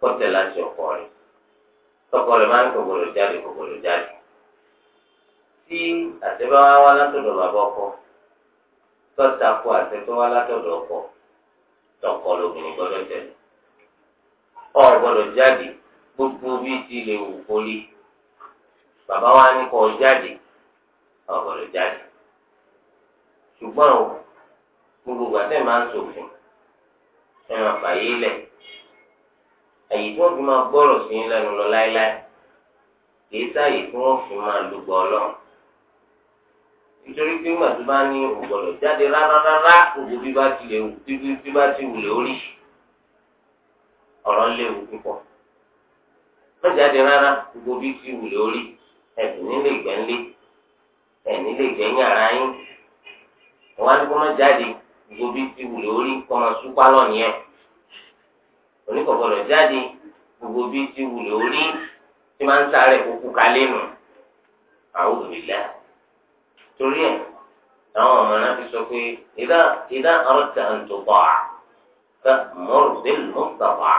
kọtẹ láti ọkọ rẹ̀ tọkọ rẹ̀ máa ń kòkòrò jáde kòkòrò jáde tí àtẹ̀bá wa wá látọ̀dọ̀ bàbá ọkọ tọ́ta kó àtẹ̀tọ́ wá látọ̀dọ̀ ọkọ tọkọ lóbìnrin gbọ́dọ̀ tẹ̀lé ọ gbọ́dọ̀ jáde gbogbo bí ti lè wù kó rí bàbá wa ní kó jáde ọ gbọ́dọ̀ jáde ṣùgbọ́n o gbogbo àtẹ̀ máa ń ṣòfin ẹ̀ máa fàyè lẹ̀. àyè tí wọ́n fi máa gbọ́rọ̀ sí lẹnu lọ láéláé kì í sáàyè tí wọ́n fi máa lùgbọ Ọlọ́run nítorí pé ńgbà tó bá ní ògbọdọ jáde rárá gbogbo bí bá ti bí bí bá ti wù ọ̀rọ̀ léwu púpọ̀ wọ́n jáde rárá gbogbo bí ti wù oníkọ̀gbọ́dọ̀ jáde gbogbo bí ti wulẹ̀ orí tí máa ń sáré kúkú kalẹ̀ nù àwọn òbílẹ̀ torí ẹ̀ àwọn ọmọ náà fi sọ pé ìdá ìdá ọ̀rọ̀tà ntòkọ̀ à ká mọ́rù bẹ́ẹ̀ mọ́tàkọ̀ à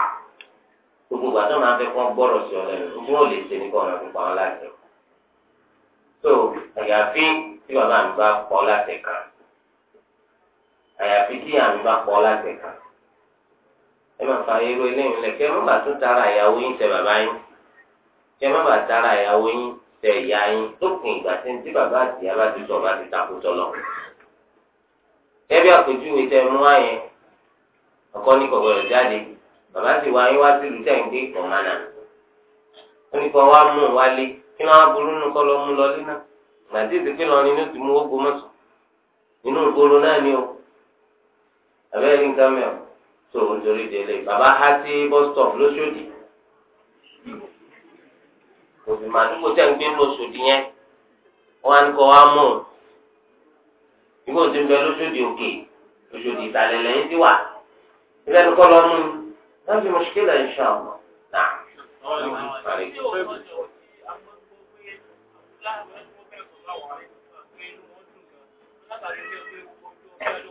gbogbo gbàtọ́ máa fẹ́ kọ́ gbọ́rọ̀ sí ọ̀lẹ́ nù fún òlè ṣe ní ọ̀nà fún pàwọn láti so àyàfi tí bàbá mi bá pọ̀ láti kàn àyàfi tí àmì bá pọ̀ láti kàn ẹ máa fa irú eléyìí lẹ kẹ má bàa tún tara ìyàwó yín tẹ bàbá yín kẹ má bàa tara ìyàwó yín tẹ ìyá yín lópin ìgbà tí ń tí bàbá àti ìyá bá ti sọ bá ti takò tọlọ. ẹbí àpèjúwe tẹ mú àyẹn ọkọ ní kọ̀ọ̀kọ̀ jáde bàbá ti wá yín wá sílùú tẹ̀ ń gbé ọ̀mánà ó ní kọ́ wá mú un wálé kí wọ́n á burú nù kọ́ lọ mú lọlé náà gbàdé ìdíkẹ́ lọ ni ní ti mú ogbó mọ́tò inú ìgboro tó nítorí délé bàbá há sí bọ́stọ̀m lóṣòdì òfìmọ̀ àdúgbò tẹ̀ ń gbé lóṣòdì yẹn wọ́n á ní kọ́ wá mú un ìgbò tí ń bẹ lóṣòdì òkè lóṣòdì ìsàlẹ̀ lẹ́yìn tí wà ilé ẹni kọ́ lọ mú un wọ́n fi mọ̀ṣíkìlà àwọn náà. Thank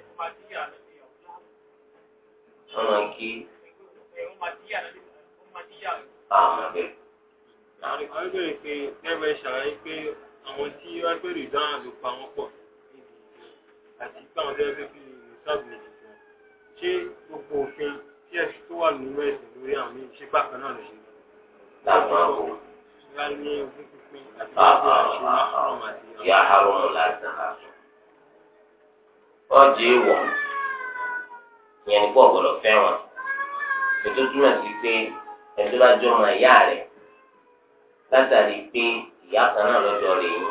you wọn máa ń kí. àwọn ọmọdé. àwọn ìbéèrè pé ẹgbẹ́ ṣàlàyé pé àwọn tí wọ́n gbé rìdán ló pa wọ́n pọ̀ àti pé àwọn tẹ́lẹ̀ fi rìsáàbù nìyí fún wọn. ṣé gbogbo òfin tí ẹ̀sìn tó wà nínú ẹ̀sìn lórí àwọn méjì ṣe bákan náà lè ṣe. láàbùrọ̀ kò. wọ́n á ìyẹn ní bọ́ọ̀ gbọ́dọ̀ fẹ́ràn ètò túmọ̀ sí pé ẹni tó bá jọ ọmọ ìyá rẹ̀ látàrí pé ìyá kan náà lọ́jọ́ rẹ̀ yín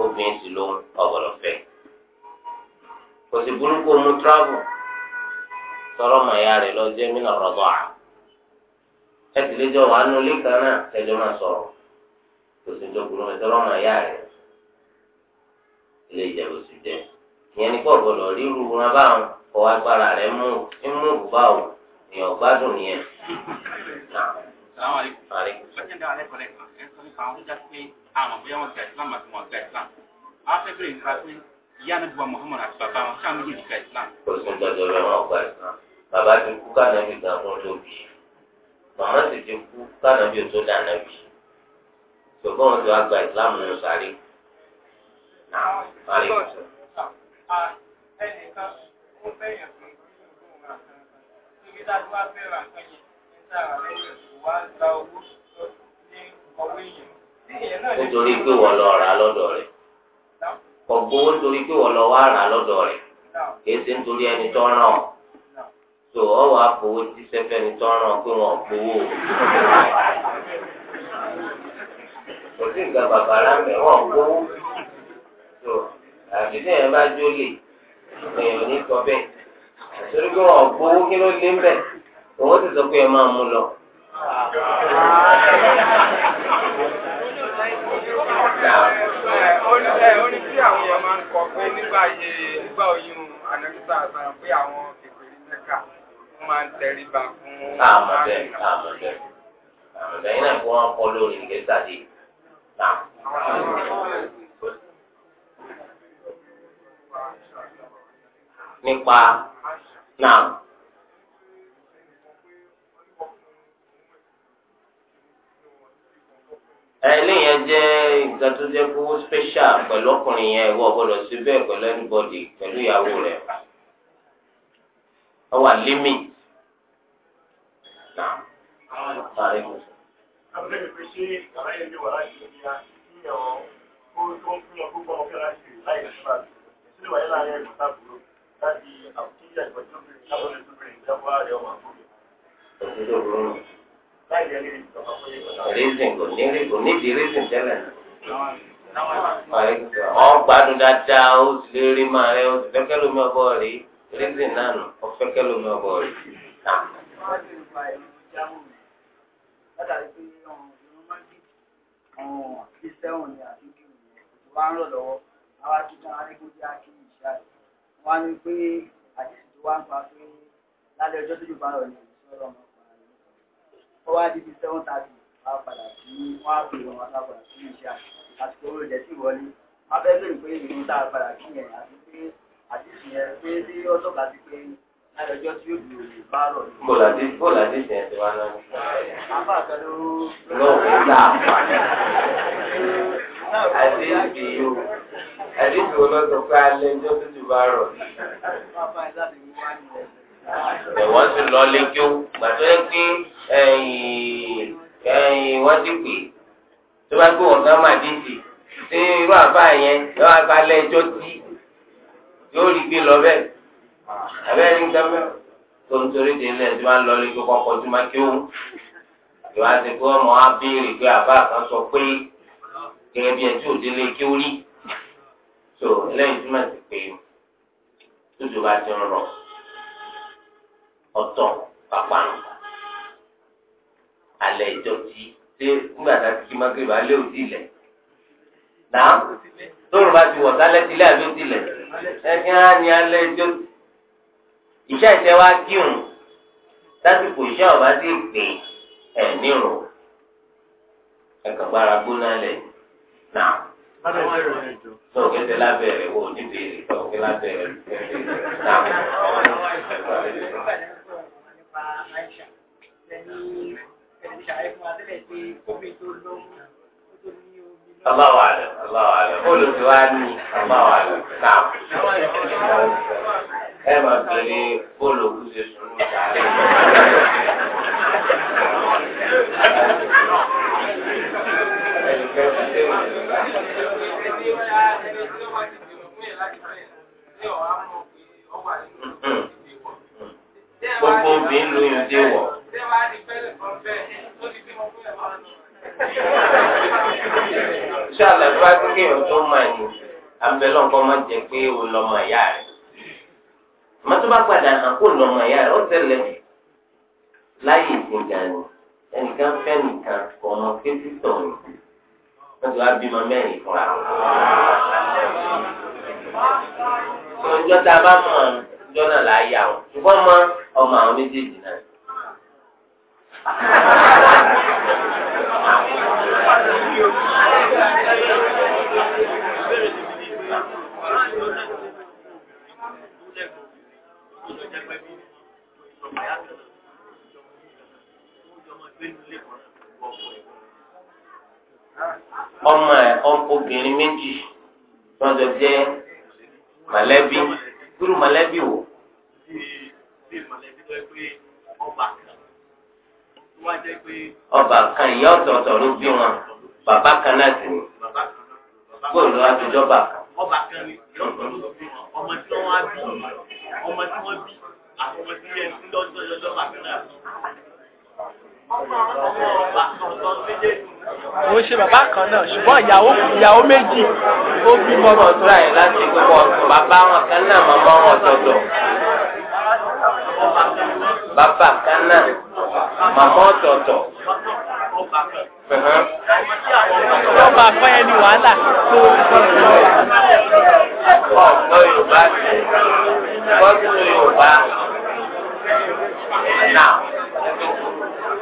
obìnrin sì ló ọ̀gbọ̀dọ̀ fẹ́ kò sì burúkú mú travel sọ̀rọ̀ ọmọ ìyá rẹ̀ lọ jẹ́ mí náà rọ̀bọ̀ à ẹ sì lè jọ wà nù ilé kan náà ẹjọ́ máa sọ̀rọ̀ kò sì jọ burúkú sọ̀rọ̀ ọmọ ìyá rẹ̀ ilé ìjẹ̀bù sì jẹ́ ìyẹn ní pọ̀ gbọ́dọ̀ ríru wọn báwọn kọ agbára rẹ̀ mú mú bùbá o èèyàn gbádùn nìyẹn. ni bùbá ah, Muhammad àti bàbá wọn ṣáà méjì nígbà Islam. Olùsùn gbàdọ̀ rẹ̀ wọn gba Islam. Bàbá ti kú kánàbì gan fún tóbi. Màmá sì ti kú kánàbì tó dànàbì. Ṣùgbọ́n wọn ti wá gba Islam nínú sáré. Nàá, sáré à ẹnìkan ó bẹ̀yàn pé ìṣòro ra kan kan níbi tá a ti wá fẹ́ ra kan yẹn ní sára lẹ́yìn kò wá gba owó ní ọwọ́ èèyàn. nítorí pé wọ́n lọ rà lọ́dọ̀ rẹ̀ ọ̀gbọ́n torí pé wọ́n lọ wá rà lọ́dọ̀ rẹ̀ kì ṣe nítorí ẹni tó ràn tó ọ wà tí sẹfẹni tó ràn pé wọn gbowó <laughs> kò sí nǹkan bàbá rà mẹ gbowó tó àbí tí èèyàn bá jólè èèyàn ò ní sọ bẹ́ẹ̀ torí pé wọn ò gbowó kí ló lé mbẹ òun ti sọ pé ẹ máa mú lọ. oní tí àwọn èèyàn máa ń kọ pé nígbà yẹ nígbà oyún anamisa àgbàrá pé àwọn kékeré mẹ́ka wọn máa ń lórí ìgbésàdé náà nípa náà. eléyẹn jẹ́ nǹkan tó jẹ́ kó special pẹ̀lú ọkùnrin yẹn ìwọ gbọ́dọ̀ síbẹ̀ pẹ̀lú anybody pẹ̀lú ìyàwó rẹ̀ ọ wà limit náà. Thank you reason kò ní rí kò ní di reason tẹ́lẹ̀ ọ̀ gbádùn dáadáa ó ti lè rí máa rẹ ó ti fẹ́ kẹ́lómi ọbọ̀ rí reason náà nù ó fẹ́ kẹ́lómi ọbọ̀ rí àwọn akíkan arégbòdì akíní ìṣá rẹ̀ wọ́n á ní pé àdéhùn tó wá ń pa pé lálẹ́ ọjọ́ tó jù bá rọ̀ ní ìṣọ́rọ̀ ọmọkùnrin ó wá di bí seven thirty wá padà sí wọ́n á pè wọn alábọ̀dà sí ìṣá àsìkò oró ìjẹ́ sí ìwọlé wọ́n fẹ́ lóyún pé ìrìn tá a padà kí yẹn àti pé àdéhùn yẹn pé sí ọjọ́ kà sí pé lálẹ́ ọjọ́ tí yóò dùn òní bá rọ̀ ní. bọ́ọ̀lù àdìsí olóòtú pé alẹ́ ní oṣù tó bá rọ̀. ẹ̀wọ́n ti lọ lé kí ó gbà tó yẹ pé wọ́n ti pè tó bá gbé wọn kán máa dìtì ṣé irú àbá yẹn yóò wá balẹ̀ ẹjọ́ tí yóò rí gbé lọ bẹ́ẹ̀ àbẹ́rẹ́ ní gbẹ́mẹ́ tó ń torí de ilé ẹ̀dí máa ń lọ lé kí ó kọ́kọ́ tó máa kí ìwádìí pé ọmọ wa béèrè pé àbá kan pé gẹ́gẹ́ bí ẹ̀ tí ò rí. so eléyìí túmọ̀ sí pé bá ti ń rọ ọ̀tọ̀ pàpàrọ̀ alẹ́ ìjọ tí ṣé nígbà tá a ti kí mákèrè alẹ́ ò tí lẹ̀ náà tóòrùn bá ti wọ̀ sálẹ̀ àbí tí lẹ̀ á ní alẹ́ ìjọ ìṣe ìṣe wa lásìkò ti gbè ẹ̀ nírò ẹ̀kàn gbára gbóná náà. sọ̀kẹ́ tẹ lábẹ́rẹ́ wò ní béèrè sọ̀kẹ́ lábẹ́rẹ́ Aláwọ̀ àlẹ́ aláwọ̀ àlẹ́ olùsèwà ní ẹ máa bèrè bọ́ọ̀lù òkúṣe sùn gbogbo obìnrin ló yàn dé wọ. sọ́ọ̀lá bá kéèyàn tó máa ní abẹ́lẹ́ ọkọ o lọ́mọ ìyá rẹ̀ àmọ́ tó bá padà hàn kó lọ́mọ ìyá rẹ̀ ó tẹ̀lé láyé ìsìn gan ni ẹnìkan fẹ́ nìkan kọ̀ ọmọ pé títọ̀ nìkan wọ́n ti wá bímọ mẹ́rin fúnra. tó ń jọ́ tá a bá mọ̀ ọjọ́ náà là á yà wọ́n ṣùgbọ́n mọ ọmọ àwọn méjèèjì náà. Thank <laughs> you ọmọ ẹ obìnrin méjì lọ́jọ́ jẹ́ mọ̀lẹ́bí irú mọ̀lẹ́bí wò. ọba kan ìyá ọ̀tọ̀ọ̀tọ̀ ló bí wọn bàbá kan náà sì ni bóòlù àtijọba kan. ọba kan ni ìyá ọ̀tọ̀ọ̀tọ̀ ló bí wọn ọmọ tí wọ́n bí ọmọ tí wọ́n bí àtọmọ tí yẹn ń lọ́jọ́ lọ́jọ́ bàbá náà òun ṣe bàbá kan náà ṣùgbọ́n ìyàwó ìyàwó méjì ó bí mọ́mọ́ ọ̀tọ̀ ẹ̀ láti gbogbo ọ̀tọ̀ bàbá wọn kan náà mọ́mọ́ wọn ọ̀tọ̀ọ̀tọ̀ bàbá kan náà mọ́mọ́ ọ̀tọ̀ọ̀tọ̀ wọ́n máa fẹ́ ẹni wàhálà tó ọ̀pọ̀ yorùbá ti bọ́sùn yorùbá náà.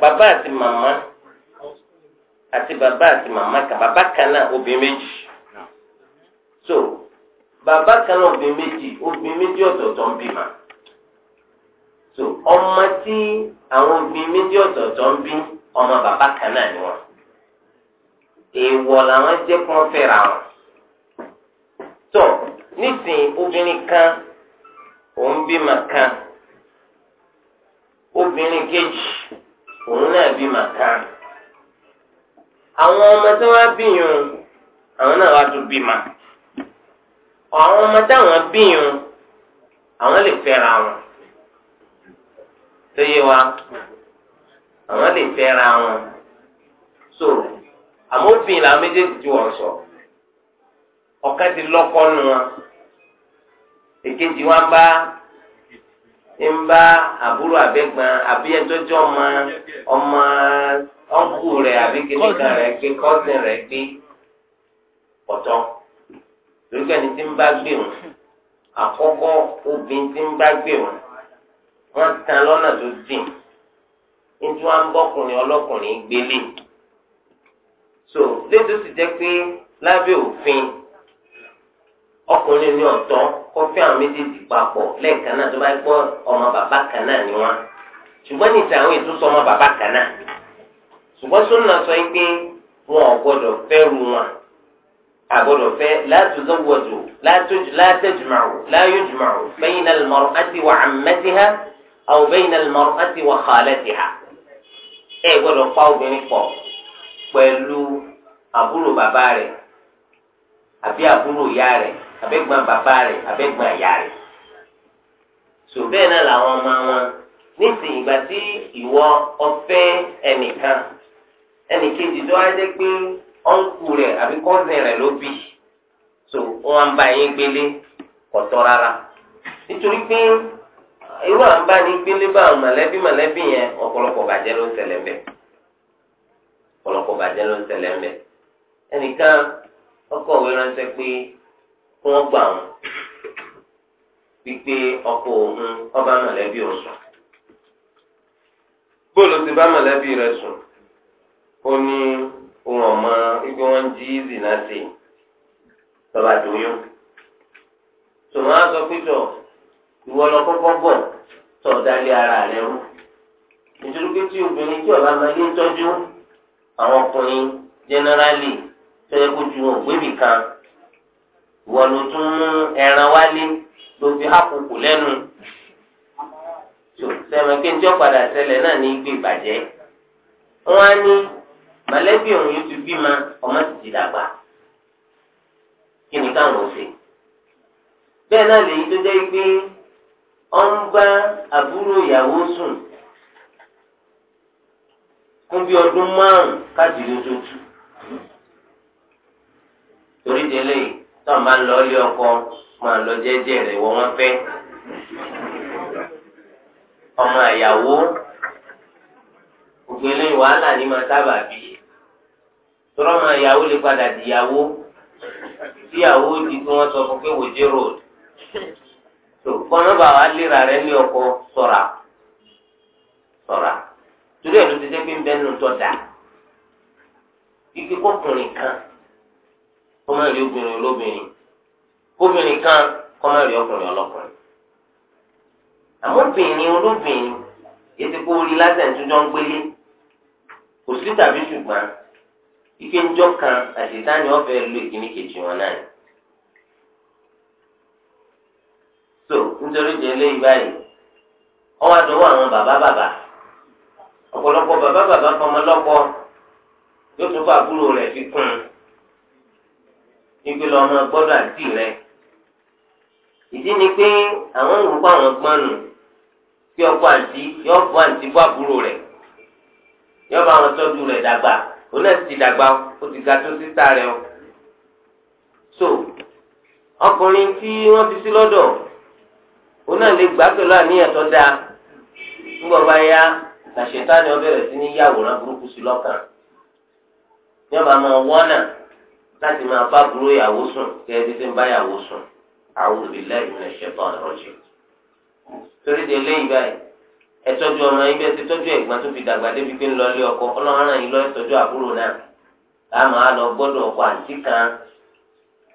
Baba àti mama àti baba àti mama kan bàbá kan náà obìnrin méjì so bàbá kan náà obìnrin méjì obìnrin méjì ọ̀tọ̀ọ̀tọ̀ ń bímọ so ọmọ tí àwọn obìnrin méjì ọ̀tọ̀ọ̀tọ̀ ń bí ọmọ bàbá kan náà ni wọn èèwọ̀ làwọn jẹ́ kí wọ́n fẹ́ra wọn nísìnyí obìnrin kan òun obìnrin kejì òun náà bí àwọn ọmọ tí àwọn náà wá tún àwọn ọmọ táwọn àwọn lè fẹ́ra wọn tó yé wa àwọn fẹ́ra wọn so àmọ́ obìnrin làwọn méjèèjì tí wọ́n sọ ọ̀kan ti lọ́kọ́ nu wọn èkejì ń bá àbúrò àbẹ́gbọ́n àbí ẹjọ́jọ́ ọmọ ọmọ ọ̀nkù rẹ̀ àbí kìnìkan rẹ̀ gbé kọ́sìn rẹ̀ gbé pọ̀tọ́ torí pé ẹni tí ń bá gbé wọn àkọ́kọ́ obìnrin tí ń bá gbé wọn wọ́n tan lọ́nà tó dìn nítorí wọn ń bọ́kùnrin ọlọ́kùnrin gbélé so létò sì jẹ́ pé lábẹ́ òfin ọkùnrin ní ọ̀tọ̀ kó fẹ́ àwọn méjèèjì papọ̀ lẹ́ẹ̀kan náà tó bá gbọ́ ọmọ bàbá kan náà ni wọ́n ṣùgbọ́n ní ìtàn àwọn ètò sọ ọmọ bàbá kan náà ṣùgbọ́n sọ́nà sọ pé wọn ò gbọ́dọ̀ fẹ́ ru wọn àgbọ́dọ̀ fẹ́ látòzọ́wọ́dò látẹ́jùmọ̀rò láyójùmọ̀rò bẹ́yìn alùmọ̀rò àti wà àmẹ́tìhá àwọn bẹ́yìn alùmọ̀rò àti wà xaalẹ́tìhá ẹ gbọ́dọ̀ pa obìnrin pọ̀ pẹ̀lú àbúrò bàbá rẹ̀ àbí àbúrò ìyá rẹ̀ abẹ́gbọ́n bàbá rẹ̀ abẹ́gbọ́n ìyá rẹ̀ so bẹ́ẹ̀ náà làwọn ọmọ wọn nísìnyí ìgbà tí ìwọ ọ̀fẹ́ ẹnìkan ẹnìkejì tó wá jẹ́ pé ọ̀nkù rẹ̀ àbí kọ́sìn rẹ̀ ló bí so wọ́n bá yín gbélé kọ̀tọ́ rárá nítorí pé irú à ń bá ní gbélé bá àwọn mọ̀lẹ́bí mọ̀lẹ́bí yẹn ọ̀pọ̀lọpọ̀ bàjẹ́ ló ń ṣẹlẹ̀ ńbẹ̀ ọ̀pọ̀lọpọ̀ bàjẹ́ ló ń ṣẹlẹ̀ ńbẹ̀ ẹnìkan ọkọ̀wé ránṣẹ́ pé kí wọ́n gbà wọn wípé ọkọ òun ọba mọ̀lẹ́bí ò sùn bóòlù ti bá mọ̀lẹ́bí rẹ̀ sùn ó ní ohun ọmọ wípé wọ́n ń jí zìnnà sí tọ́ba dòyún tòun á sọ pé ìwọ lọ kọ́kọ́ bọ̀ tọ̀ dálé ara rẹ̀ rú nítorí pé tí obìnrin tí ọba máa yé tọ́jú àwọn ọkùnrin jẹ́nẹ́rálì tẹ́lẹ̀ kó ju ògbébì kan. wọ́n ló tún mú ẹran wálé ló fi hákòkò lẹ́nu tó sẹ́wọ̀n kí tí ó padà ṣẹlẹ̀ náà ní gbé ìbàjẹ́ wọ́n á ní mọ̀lẹ́bí òun yóò ti bímọ ọmọ ti dàgbà kí ni káwọn ò ṣe bẹ́ẹ̀ náà lèyí tó jẹ́ pé ọ ń bá àbúrò ìyàwó tó a máa lọ ilé ọkọ máa lọ jẹ́jẹ́ rẹ̀ wọ́n wọ́n fẹ́ ọmọ àyàwó gbogbo eléyìí wàhálà ní máa sábà bí tọrọ ọmọ àyàwó lè padà dìyàwó tíyàwó di tí wọ́n sọ fún pé wòjé road tó kọ́nà bá wa léra rẹ̀ ní ọkọ ṣọ́ra ṣọ́ra torí ẹ̀ ló ti jẹ́ pé ń bẹ́ẹ̀ nù tọ́ da kíkí kọ́kùnrin kan. kọ́mọ̀rì obìnrin olóbìnrin obìnrin kan kọ́mọ̀rì ọkùnrin ọlọ́kùnrin. àwọn olóbìnrin ètò kó orí lásán jọ ń gbélé kò sí tàbí ṣùgbọ́n ike ńjọ kan àṣetáni ọ̀fẹ́ lu ìkíní kejì wọn náà. so nítorí jẹ eléyìí báyìí ọwọ́ àdánwò àwọn bàbá bàbá ọ̀pọ̀lọpọ̀ bàbá bàbá fọmọlọ́pọ̀ yóò tún fún àbúrò rẹ̀ fi kún un. níbi lọ ọmọ gbọ́dọ̀ àti rẹ ìdí ni pé àwọn ń rúkọ àwọn gbọ́n nù kí ọkọ àti yọ bọ àti bọ àbúrò rẹ yọ bá àwọn tọ́jú rẹ dàgbà òun náà ti dàgbà ó ti ga tó síta rẹ o so ọkùnrin tí wọ́n fi sí lọ́dọ̀ òun náà lè gbà pẹ̀lú àníyàn tó dáa nígbà bá yá làṣetá ni wọ́n bẹ̀rẹ̀ sí ní yàwòrán burúkú sí lọ́kàn yọba máa wọ́nà. láti máa bá burú ìyàwó sùn kẹ́ bí ti ń bá ìyàwó sùn a'udhu billahi minash shaitanir rajim. torí de lẹ́yìn báyìí ẹ ọmọ yín bẹ́ẹ̀ ti tọ́jú ẹ̀gbọ́n tó fi dàgbà débi pé ń lọ ilé ọkọ ọlọ́run yín lọ ẹ àbúrò náà láàmú á lọ gbọ́dọ̀ ọkọ àǹtí kan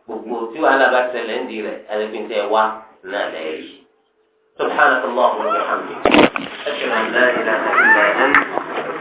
gbogbo tí wàhálà bá ṣẹlẹ̀ ń di rẹ̀ ẹlẹ́bí tẹ́ wá náà lẹ́yìn.